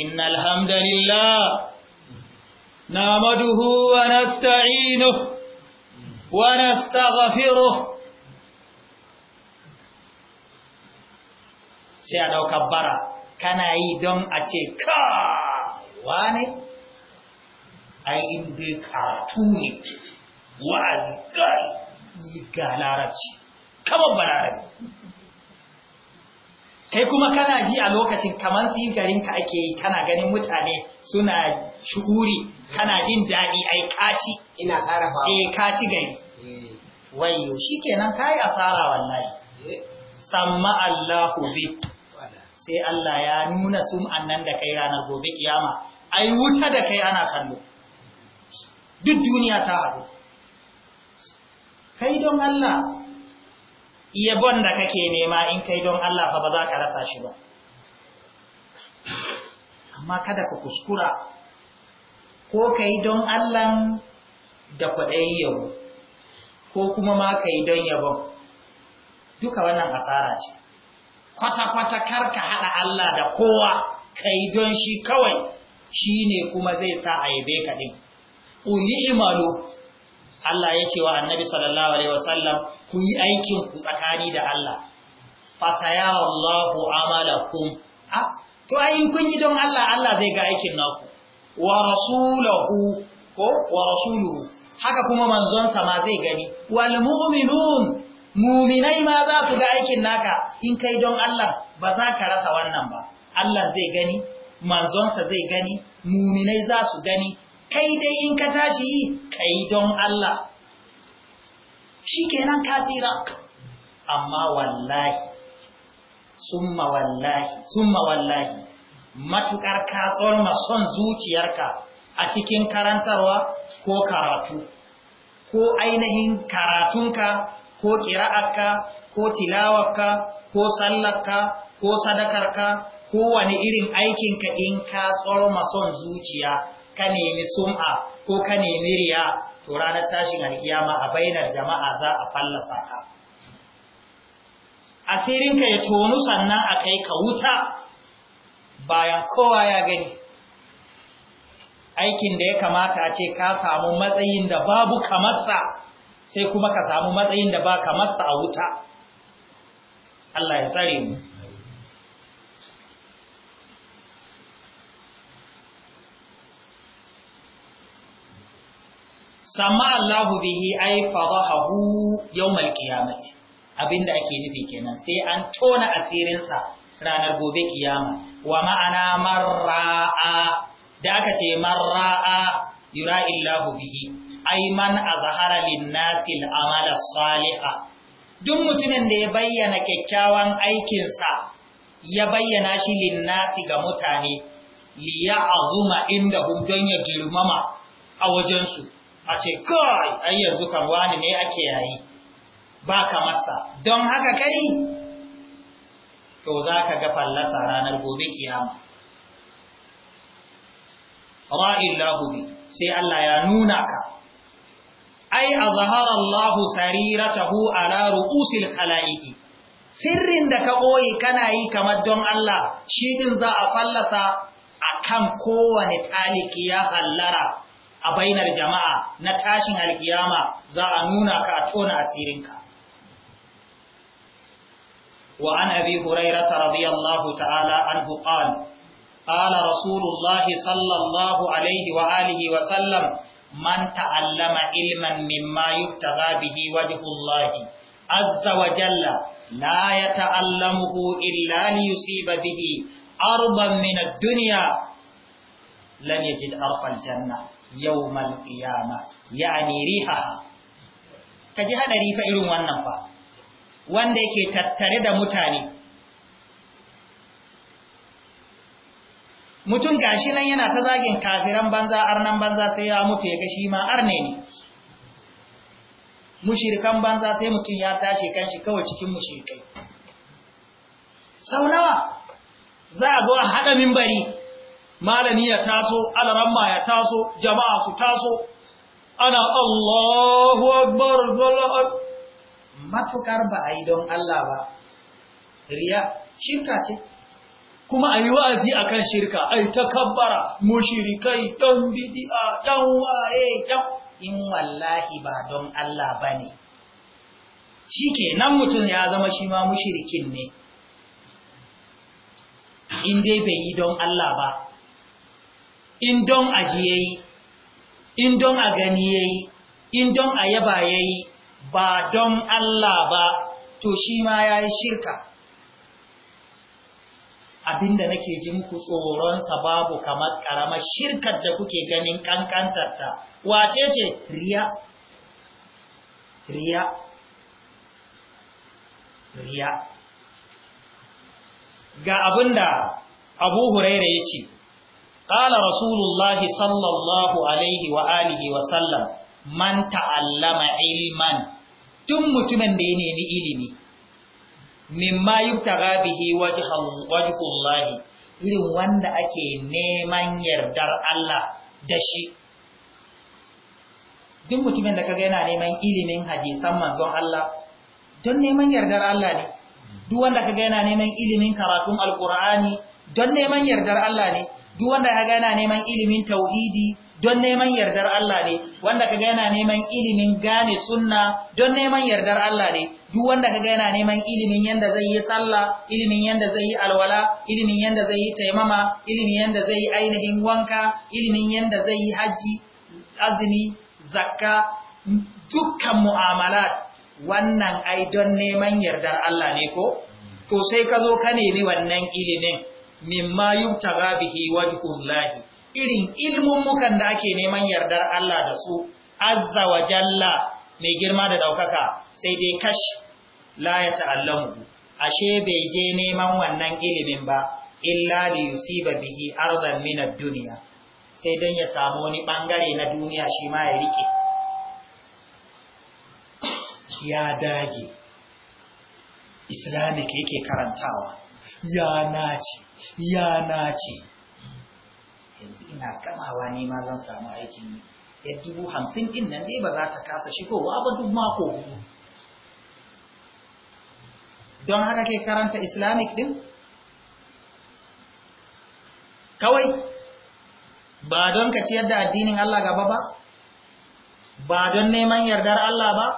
innal hamdalillah نعمده ونستعينه ونستغفره sai a ɗaukar bara kana yi don a ce ka wane ai inda karatu ne wa'azi kai ga larabci balarabi kai kuma kana ji a lokacin kaman tsigarinka ake yi kana ganin mutane suna shuhuri kana jin daɗi ai kaci ina ƙara ba eh, kaci gari eh. wayyo ka yi asara wallahi eh. samma Allahu bi sai Allah ya nuna sum'an nan da kai ranar gobe kiyama ai wuta da kai ana kallo duk duniya ta haɗu kai don Allah yabon da kake nema in kai don Allah fa ba za ka rasa shi ba amma kada ka kuskura ko kai don Allah da kwaɗayin yau ko kuma ma kai don yabon duka wannan asara ce kwata-kwata karka haɗa Allah da kowa kai don shi kawai shi ne kuma zai sa a yabe ka ɗin uni imanu Allah ya ce wa annabi sallallahu alaihi wasallam ku yi aikin ku tsakani da Allah fatayara Allahu amalakum a to ai kun yi don Allah Allah zai ga aikin naku wa rasuluhu ko wa rasuluhu haka kuma manzon sa ma zai gani wal mu'minun mu'minai ma za su ga aikin naka in kai don Allah ba za ka rasa wannan ba Allah zai gani manzon zai gani mu'minai za su gani kai dai in ka tashi kai don Allah shi kenan ka tsira amma wallahi summa wallahi summa wallahi matukar ka tsorma son zuciyarka a cikin karantarwa ko karatu ko ainihin karatunka ko ƙira'arka ko tilawarka ko sallarka ko sadakarka ko wani irin aikinka in ka tsorma son zuciya ka nemi sum'a ko ka nemi riya to ranar tashin alkiyama a bainar jama'a za a fallasa ka asirinka ya tonu sannan a kai ka wuta bayan kowa ya gani aikin da ya kamata a ce ka samu matsayin da babu kamarsa sai kuma ka samu matsayin da ba kamarsa a wuta Allah ya tsare mu sama Allahu bihi ai fadahu yawmal qiyamati abinda ake nufi kenan sai an tona asirinsa ranar gobe kiyama wa ma'ana marra'a da aka ce marra'a yura illahu bihi ai man azhara linnasi nasi saliha duk mutumin da ya bayyana kyakkyawan aikinsa ya bayyana shi linnasi ga mutane liya azuma inda don ya girmama a wajensu a ce ai yanzu wani ne ake yayi ba ka masa don haka kai to za ka ga fallasa ranar gobe kiyama ra'illahu bi sai Allah ya nuna ka ai azharallahu sariratahu ala ru'usil khalaiqi sirrin da ka ɓoye kana yi kamar don Allah shi din za a fallasa akan kowane taliki ya hallara a bainar jama'a na tashin alkiyama za a nuna ka a tona asirinka wa an abi hurairata radiyallahu ta'ala anhu qala qala rasulullahi sallallahu alaihi wa alihi wa sallam man ta'allama ilman mimma yubtagha bihi wajhullahi azza wa jalla la yata'allamuhu illa liyusiba bihi arban min ad-dunya lan yajid arfal janna yawmal qiyama yani riha kaji hadari fa irin wannan fa wanda yake tattare da mutane mutum gashi nan yana ta zagin kafiran banza arnan banza sai ya mutu ya ga shi ma arne ne mushirikan banza sai mutum ya tashi kanshi kawai cikin mushirikai sau nawa za a zo a haɗa mimbari malami ya taso alaramma ya taso jama'a su taso ana Allahu akbar zalar matukar ba a yi don Allah ba riya shirka ce kuma a yi wa'azi a kan shirka ai ta kabbara mushirikai don bidi'a don waye don in wallahi ba don Allah ba ne shi ke nan mutum ya zama shi ma mushirikin ne in dai bai yi don Allah ba in don ajiye ya yi in don a gani ya yi in don a yaba ya yi ba don Allah ba to shi ma ya yi shirka abinda nake ji muku tsoronsa babu kamar karamar shirkar da kuke ganin kankantarta wace ce riya riya riya ga abinda abu huraira ya ce Ƙala Rasulullahi sallallahu Alaihi wa alihi wa sallam, man ta'allama ilman, tun mutumin da ya nemi ilimi, mimma yi bihi wajihullahi, irin wanda ake neman yardar Allah da shi. Duk mutumin da kaga yana neman ilimin hadisan manzon Allah, don neman yardar Allah ne, duk wanda kaga yana neman ilimin karatun Alƙur'ani don neman yardar Allah ne, duk wanda ka gana neman ilimin tauhidi don neman yardar Allah ne wanda ka gana neman ilimin gane sunna don neman yardar Allah ne duk wanda ka gana neman ilimin yanda zai yi sallah ilimin yanda zai yi alwala ilimin yanda zai yi taimama ilimin yanda zai yi ainihin wanka ilimin yanda zai yi haji azumi zakka dukkan mu'amalat wannan ai don neman yardar Allah ne ko to sai ka zo ka nemi wannan ilimin mimma yubtagha bihi wajhullahi irin ilmummukan da ake neman yardar Allah da su azza wa jalla mai girma da daukaka sai dai kash la ya ta'allamu ashe bai je neman wannan ilimin ba illa li yusiba bihi ardan min ad-dunya sai dan ya samu wani bangare na duniya shi ma ya rike ya dage islamic yake karantawa ya nace ya nace yanzu ina kamawa ne ma zan samu aikin ya dubu hamsin din nan dai ba za ta kasa shigowa ba duk mako don haka ke karanta islamic din kawai ba don ka ciyar da addinin Allah gaba ba ba don neman yardar Allah ba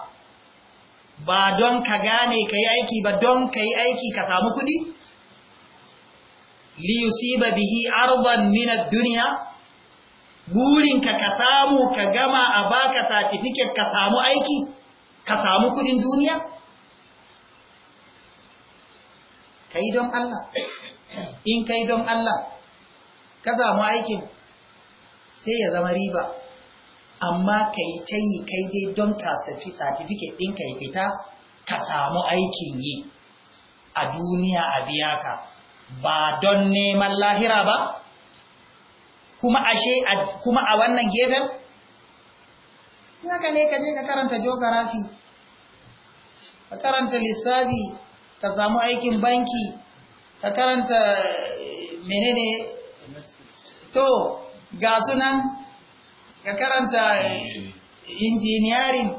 ba don ka gane ka yi aiki ba don ka yi aiki ka samu kuɗi liyusiba bihi ardan min ad-dunya burinka ka samu ka gama a baka certificate ka samu aiki ka samu kudin duniya kai don Allah in kai don Allah ka samu aikin sai ya zama riba amma kai tayi kai dai don ka tafi certificate din kai fita ka samu aikin yi a duniya a biya ka ba don neman lahira ba kuma ashe kuma a wannan gefen haka ne ka je ka karanta geography ka karanta lissafi ka samu aikin banki ka karanta eh, menene to ga sunan ka karanta eh, engineering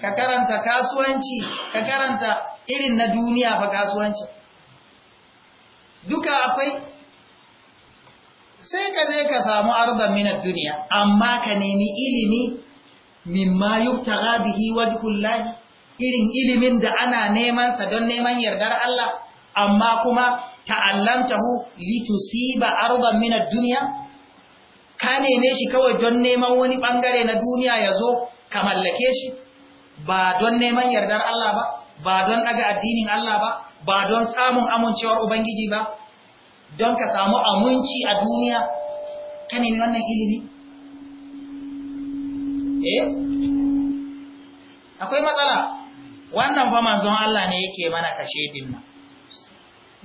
ka karanta kasuwanci ka karanta irin na duniya fa kasuwanci duka akwai sai ka je ka samu arzan minar duniya amma ka nemi ilimi mimma yubtaga bihi wajhullahi irin ilimin da ana neman don neman yardar Allah amma kuma ta'allamtahu litusiba ardan min ad-dunya ka nemeshi shi kawai don neman wani bangare na duniya yazo ka mallakeshi shi ba don neman yardar Allah ba ba don daga addinin Allah ba ba don samun amincewar ubangiji ba don ka samu aminci a duniya ka nemi wannan ilimi eh akwai matsala wannan fa manzon Allah ne yake mana kashe din nan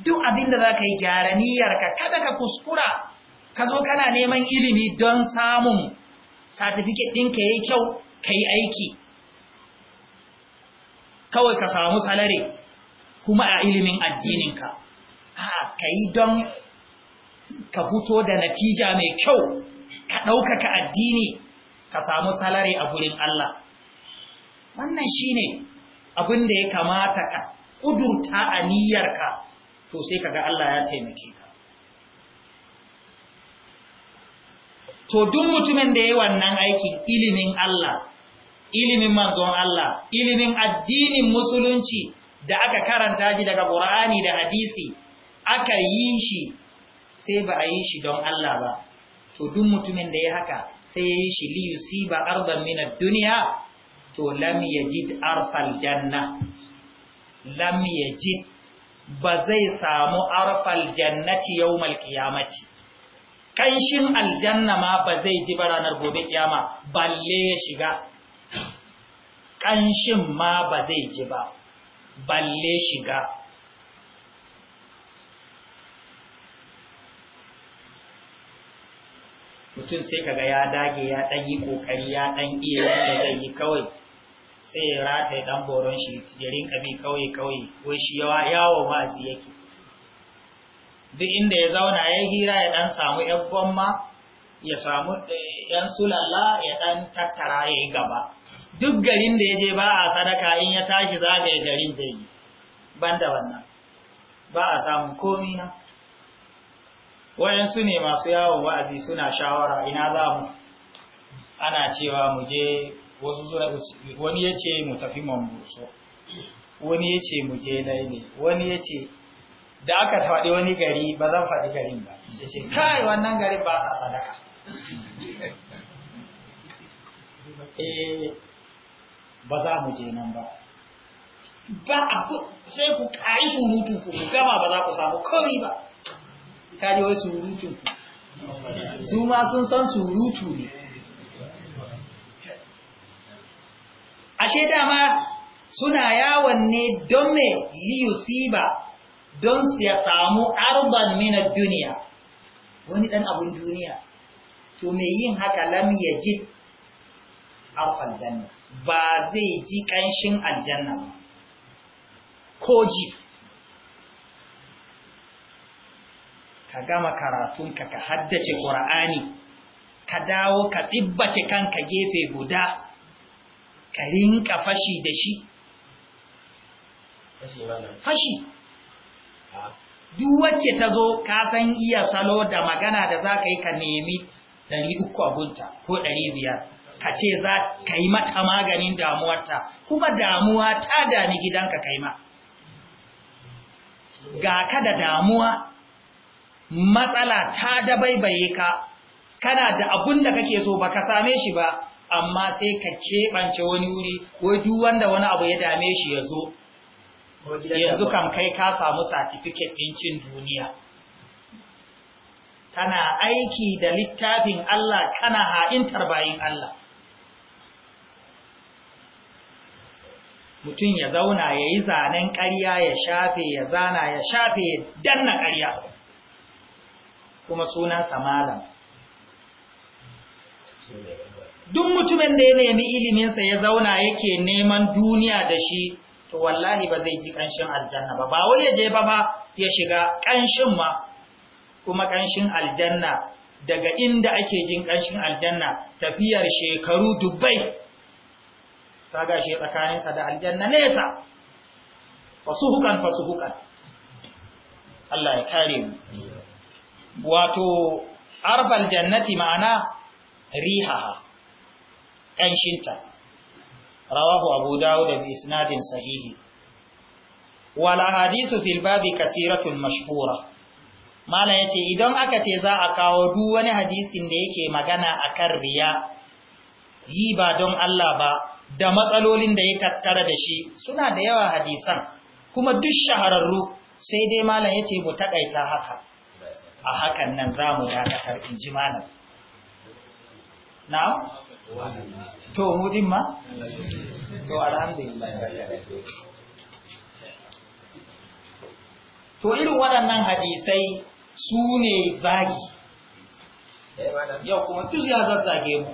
duk abinda za ka yi gyara niyyarka kada ka kuskura ka zo kana neman ilimi don samun certificate ɗinka ka yi kyau ka yi aiki kawai ka samu salare kuma a ilimin addininka a ka yi don ka fito da natija mai kyau ka ɗaukaka addini ka samu salare a gurin Allah wannan shi ne abin da ya kamata ka ƙudurta a niyyarka to sai ka ga Allah ya taimake ka to duk mutumin da ya yi wannan aikin ilimin Allah ilimin manzon Allah ilimin addinin musulunci da aka karanta shi daga Qur'ani da hadisi aka yi shi sai ba a yi shi don Allah ba to duk mutumin da ya haka sai ya yi shi liyusi ba ardan min duniya? to lam yajid arfal janna lam yajid ba zai samu arfal jannati yawmal qiyamati kanshin aljanna ma ba zai ji ba ranar gobe kiyama balle ya shiga ƙanshin ma ba zai ji ba balle shiga mutum sai kaga ya dage ya dan yi kokari ya dan iya yadda zai yi kawai sai ya rataye dan boron shi ya rinka bi kawai kawai ko shi yawa yawo ma'azi yake duk inda ya zauna ya hira ya dan samu yan gwamma ya samu yan eh, sulalla ya ɗan tattara ya yi gaba duk garin da ya je ba a sadaka in ya tashi zagaye garin zai yi banda wannan ba a samun komi na wayansu ne masu yawon wa'azi suna shawara ina za mu ana cewa mu je wasu wani ya ce mu tafi mambuso wani ya ce mu je laile wani ya ce da aka faɗi wani gari ba zan faɗi garin ba ya ce kai wannan garin ba a sadaka eh, ba za mu je nan ba ba a ku sai ku kayi surutu ku gama ba za ku samu kawai ba kaji wai surutu. su ma sun san surutu ne ashe dama suna yawon ne don me liyusiba don su ya samu arban mina duniya wani dan abun duniya to me yin haka lam yajid arfan janna ba zai ji ƙanshin aljanna ba ko ji ka gama karatunka ka haddace ƙura'ani ka dawo ka tsibbace kanka gefe guda ka rinka fashi da shi fashi duk wacce ta zo ka san iya salo da magana da za ka yi ka nemi 300 a gunta ko biyar? ka ce za ka yi mata maganin damuwarta kuma damuwa ta dami gidanka yi ma ga ka da damuwa matsala ta dabaibaye ka kana da abun da kake so ba ka same shi ba amma sai ka keɓance wani wuri ko duk wanda wani abu ya dame shi ya zo yanzu kan kai ka samu satifiket ɗin cin duniya kana aiki da littafin Allah kana ha'intar bayin Allah mutum ya zauna ya yi zanen ƙarya ya shafe ya zana ya shafe ya danna ƙarya kuma sunansa malam duk mutumin da ya nemi iliminsa ya zauna yake neman duniya da shi to wallahi ba zai ji ƙanshin aljanna ba ba wai ya je ba ba ya shiga ƙanshin ma kuma ƙanshin aljanna daga inda ake jin ƙanshin aljanna tafiyar shekaru dubbai kaga shi tsakaninsa da aljanna nesa fasuhukan fasuhukan Allah ya kare mu wato arbal jannati ma'ana rihaha kanshinta rawahu abu dawud bi isnadin sahihi wal ahadithu fil babi kathiratun mashhura mala yace idan aka ce za a kawo duk wani hadisin da yake magana akan riya yi ba don Allah ba da matsalolin da ya tattara da shi suna da yawa hadisan kuma duk shahararru sai dai malam ya ce mu takaita haka a hakan nan za mu dakatar in ji malam na? to mudin ma? to alhamdulillah to irin waɗannan hadisai su ne zagi yau kuma duk ya zazzage mu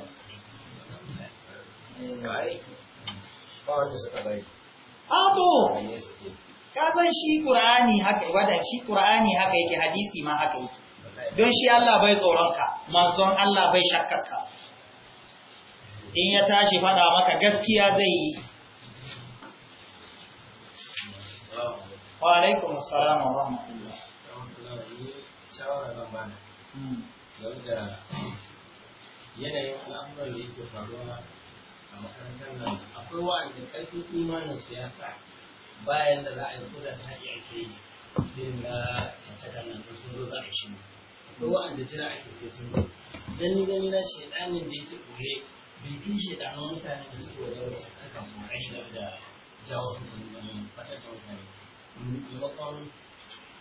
Ato, kasan shi ƙura'ani haka wadda shi ƙura'ani haka yake hadisi ma haka yake, don shi Allah bai tsoronka, manzon Allah bai shakkarka. In ya tashi faɗa maka gaskiya zai yi. Wa alaikun wa rahmatullah. Hmm. Yanayin al'amuran da yake faruwa a makarantar nan akwai wa'anda ƙarfin ya sa, bayan da za a yi ko da ta iya ke yi irin na cancakar nan ta sun zo za a shi akwai wa'anda jira ake sai sun zo dan ni gani na shaidanin da yake koye bai fi shaidanin mutane da suke wajen wata cancakar mu a yi da jawo hankali da mun fatar da mutane maimakon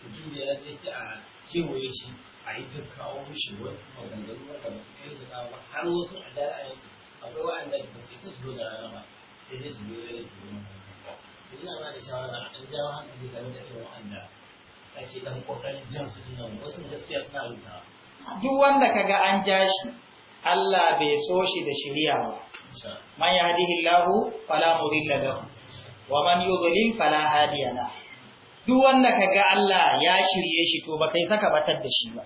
mutum da ya ce a kewaye shi a yi duk kawo mishi wani maganganu wanda ba su kai da ba har wasu a dala'ayensu akwai wa'anda da sai su zo da rana sai dai su biyo da su zo ina ba da shawara an jawo hankali game da irin wa'anda ake dan kokarin jan su nan wasu gaskiya suna wuta duk wanda kaga an ja shi Allah bai so shi da shirya ba man yahdihillahu fala mudilla lahu wa man yudlil fala hadiya lahu duk wanda kaga Allah ya shirye shi to ba kai saka batar da shi ba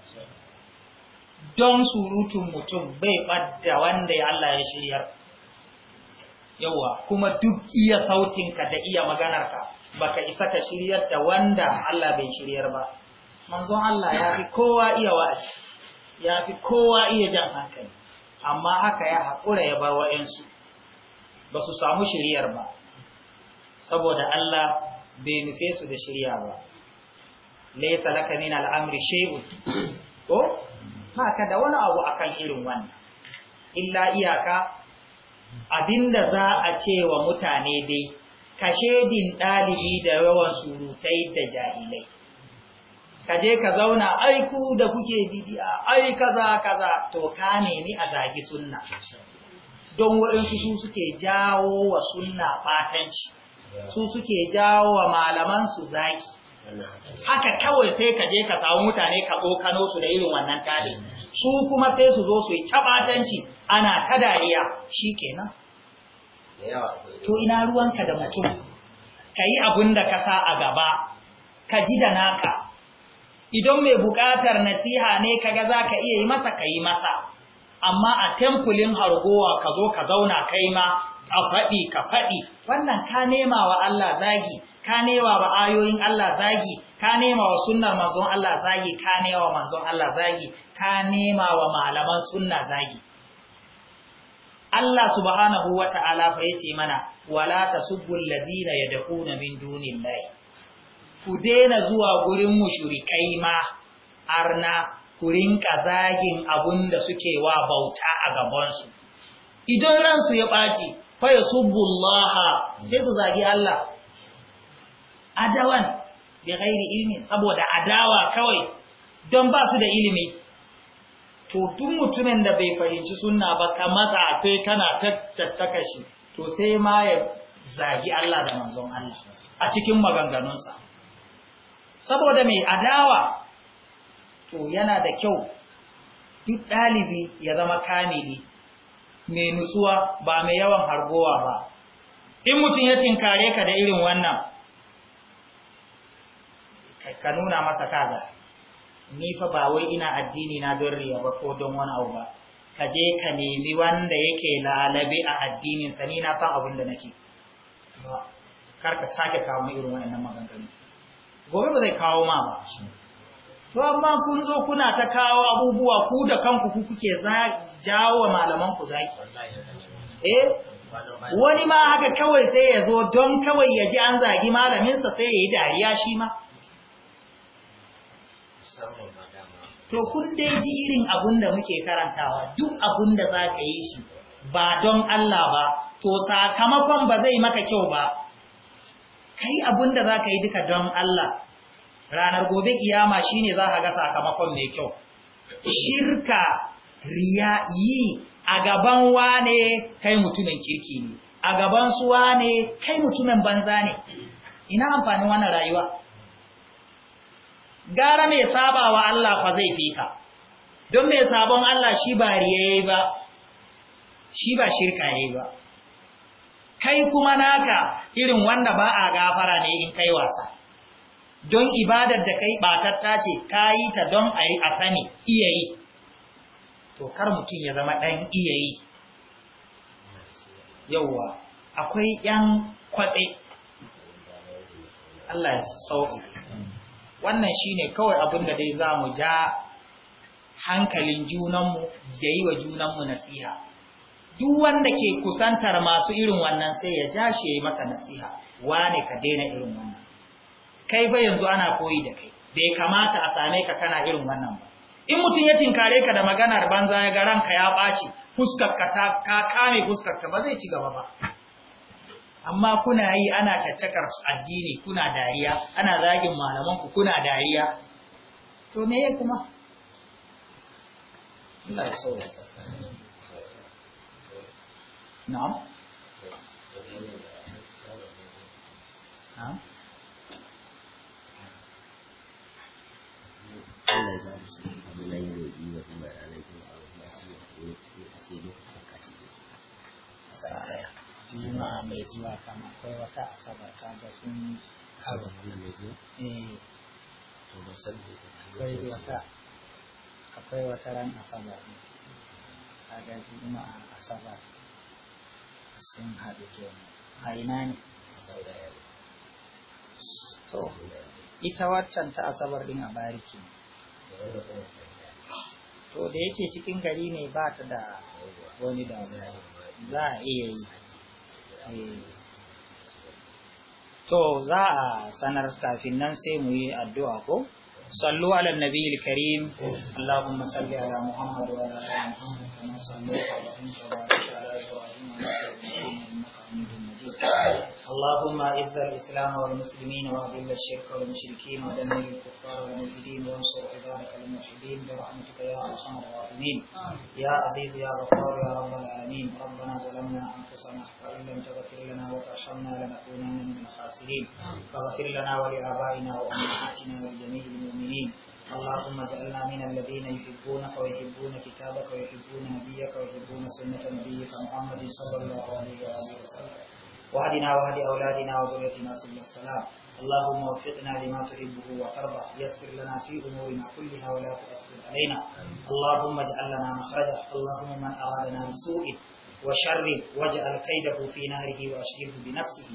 don surutun mutum bai ɓadda wanda ya Allah ya shiryar yawa kuma duk iya sautinka da iya maganarka baka isa ka shiryar da wanda Allah bai shiryar ba manzon Allah ya fi kowa iya wa'azi ya fi kowa iya jan hankali amma haka ya haƙura ya bar wa'ansu ba su samu shiryar ba saboda Allah bai nufe su da shirya ba laisa laka min al'amri shay'un ko baka da wani abu akan irin wannan illa iyaka abinda za a ce wa mutane dai ka shedin ɗalibi da yawan surutai da jahilai ka je ka zauna aiku da kuke bidiya ai kaza kaza to ka nemi a zagi sunna don waɗansu su suke jawo wa sunna fatanci su suke jawo wa malaman zaki haka kawai sai ka je ka samu mutane ka kokano su da irin wannan tare su kuma sai su zo su yi tabatanci ana ta dariya Shi shikenan to ina ruwanka da mutum ka yi abin da ka sa a gaba ka ji da naka idan mai buƙatar nasiha ne kaga za ka iya yi masa ka yi masa amma a temfulin hargowa ka zo ka zauna kai ma a faɗi ka faɗi wannan ka nema wa Allah zagi ka nema ba ayoyin Allah zagi ka nema wa sunnar manzon Allah zagi ka nema manzon Allah zagi ka nema wa malaman sunna zagi Allah subhanahu wa ta'ala fa yace mana wala tasubbul ladina yad'una min dunillahi ku daina zuwa gurin mushrikai ma arna ku rinka zagin abunda suke wa bauta a gaban su idan ransu ya ɓaci, fa yasubbullaha sai su zagi Allah adawan bi gairi ilmi saboda adawa kawai don ba su da ilimi to duk mutumin da bai fahimci sunna ba ka matsa sai kana tattaka shi to sai ma ya zagi Allah da manzon Allah a cikin maganganunsa saboda mai adawa to yana da kyau duk ɗalibi ya zama kamili mai nutsuwa ba mai yawan hargowa ba in mutum ya tinkare ka da irin wannan ka nuna masa kaga ni fa ba wai ina addini na don riya ba ko don wani abu ba ka je ka nemi wanda yake lalabe a addinin sa ni na san abin da nake kar ka sake kawo mu irin wannan maganganu gobe ba zai kawo ma ba to amma kun zo kuna ta kawo abubuwa ku da kanku ku kuke jawo malaman ku zaki eh wani ma haka kawai sai ya zo don kawai ya ji an zagi malaminsa sai ya yi dariya shi ma to kun dai ji irin abun da muke karantawa duk abun da za ka yi shi ba don Allah ba to sakamakon ba zai maka kyau ba kai abun da za ka yi duka don Allah ranar gobe kiyama shine za ka ga sakamakon mai kyau shirka riya yi a gaban wane kai mutumin kirki ne a gaban su wane kai mutumin banza ne ina amfanin wannan rayuwa gara mai sabawa Allah fa zai fi ka, don mai sabon Allah shi ba riyayi ba shi ba shirka yayi ba kai kuma naka irin wanda ba a gafara ne in kai wasa don ibadar da kai batatta ce kayi ta don a yi a sani iyayi to kar mutum ya zama ɗan iyayi yauwa akwai ‘yan kwatse Allah ya sauƙi wannan shine kawai abin da dai za mu ja hankalin junanmu da yi wa junanmu nasiha duk wanda ke kusantar masu irin wannan sai ya ja shi ya yi masa nasiha wane ka daina irin wannan kai fa yanzu ana koyi da kai bai kamata a same ka kana irin wannan ba in mutum ya tinkare ka da maganar banza ya ga ranka ya ɓaci fuskar ka ta kame fuskar ka ba zai ci gaba ba amma kuna yi ana caccakar addini kuna dariya ana zagin malamanku kuna dariya to me kuma Allah ya so na yi wa juma'a mai zuwa kama akwai wata asabar ta ga sun asabar wannan mai zuwa eh to ba san akwai wata akwai wata ran asabar ne ta ga juma'a asabar sun haɗu kenan a ina ne to ita watan ta asabar din a bariki to da yake cikin gari ne ba ta da wani da za a iya yi Mm. to za a sanar kafin nan sai mu yi addu'a ko sallu ala nabiyil karim allahumma salli ala muhammad wa ala ali muhammad kama sallaita wa barakta ala ibrahim wa ala ali muhammad اللهم اعز الاسلام والمسلمين واذل الشرك والمشركين ودمر الكفار والمجدين وانصر عبادك الموحدين برحمتك يا ارحم الراحمين يا عزيز يا غفار يا رب العالمين ربنا ظلمنا انفسنا وان لم تغفر لنا وترحمنا لنكونن من الخاسرين فاغفر لنا ولابائنا وامهاتنا ولجميع المؤمنين اللهم اجعلنا من الذين يحبونك ويحبون كتابك ويحبون نبيك ويحبون سنة نبيك محمد صلى الله عليه وآله وسلم وهدنا وهدي أولادنا وذريتنا سبل السلام اللهم وفقنا لما تحبه وترضى يسر لنا في أمورنا كلها ولا تؤثر علينا اللهم اجعل لنا مخرجا اللهم من أرادنا بسوء وشر واجعل كيده في نهره وأشغله بنفسه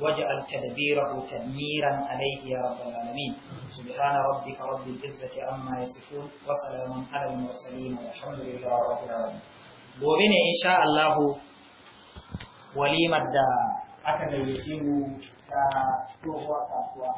واجعل تدبيره تدميرا عليه يا رب العالمين سبحان ربك رب العزة عما يصفون وسلام على المرسلين والحمد لله رب العالمين gobe ne insha Allahu walimar da aka gayyace mu ta tsohuwar kasuwa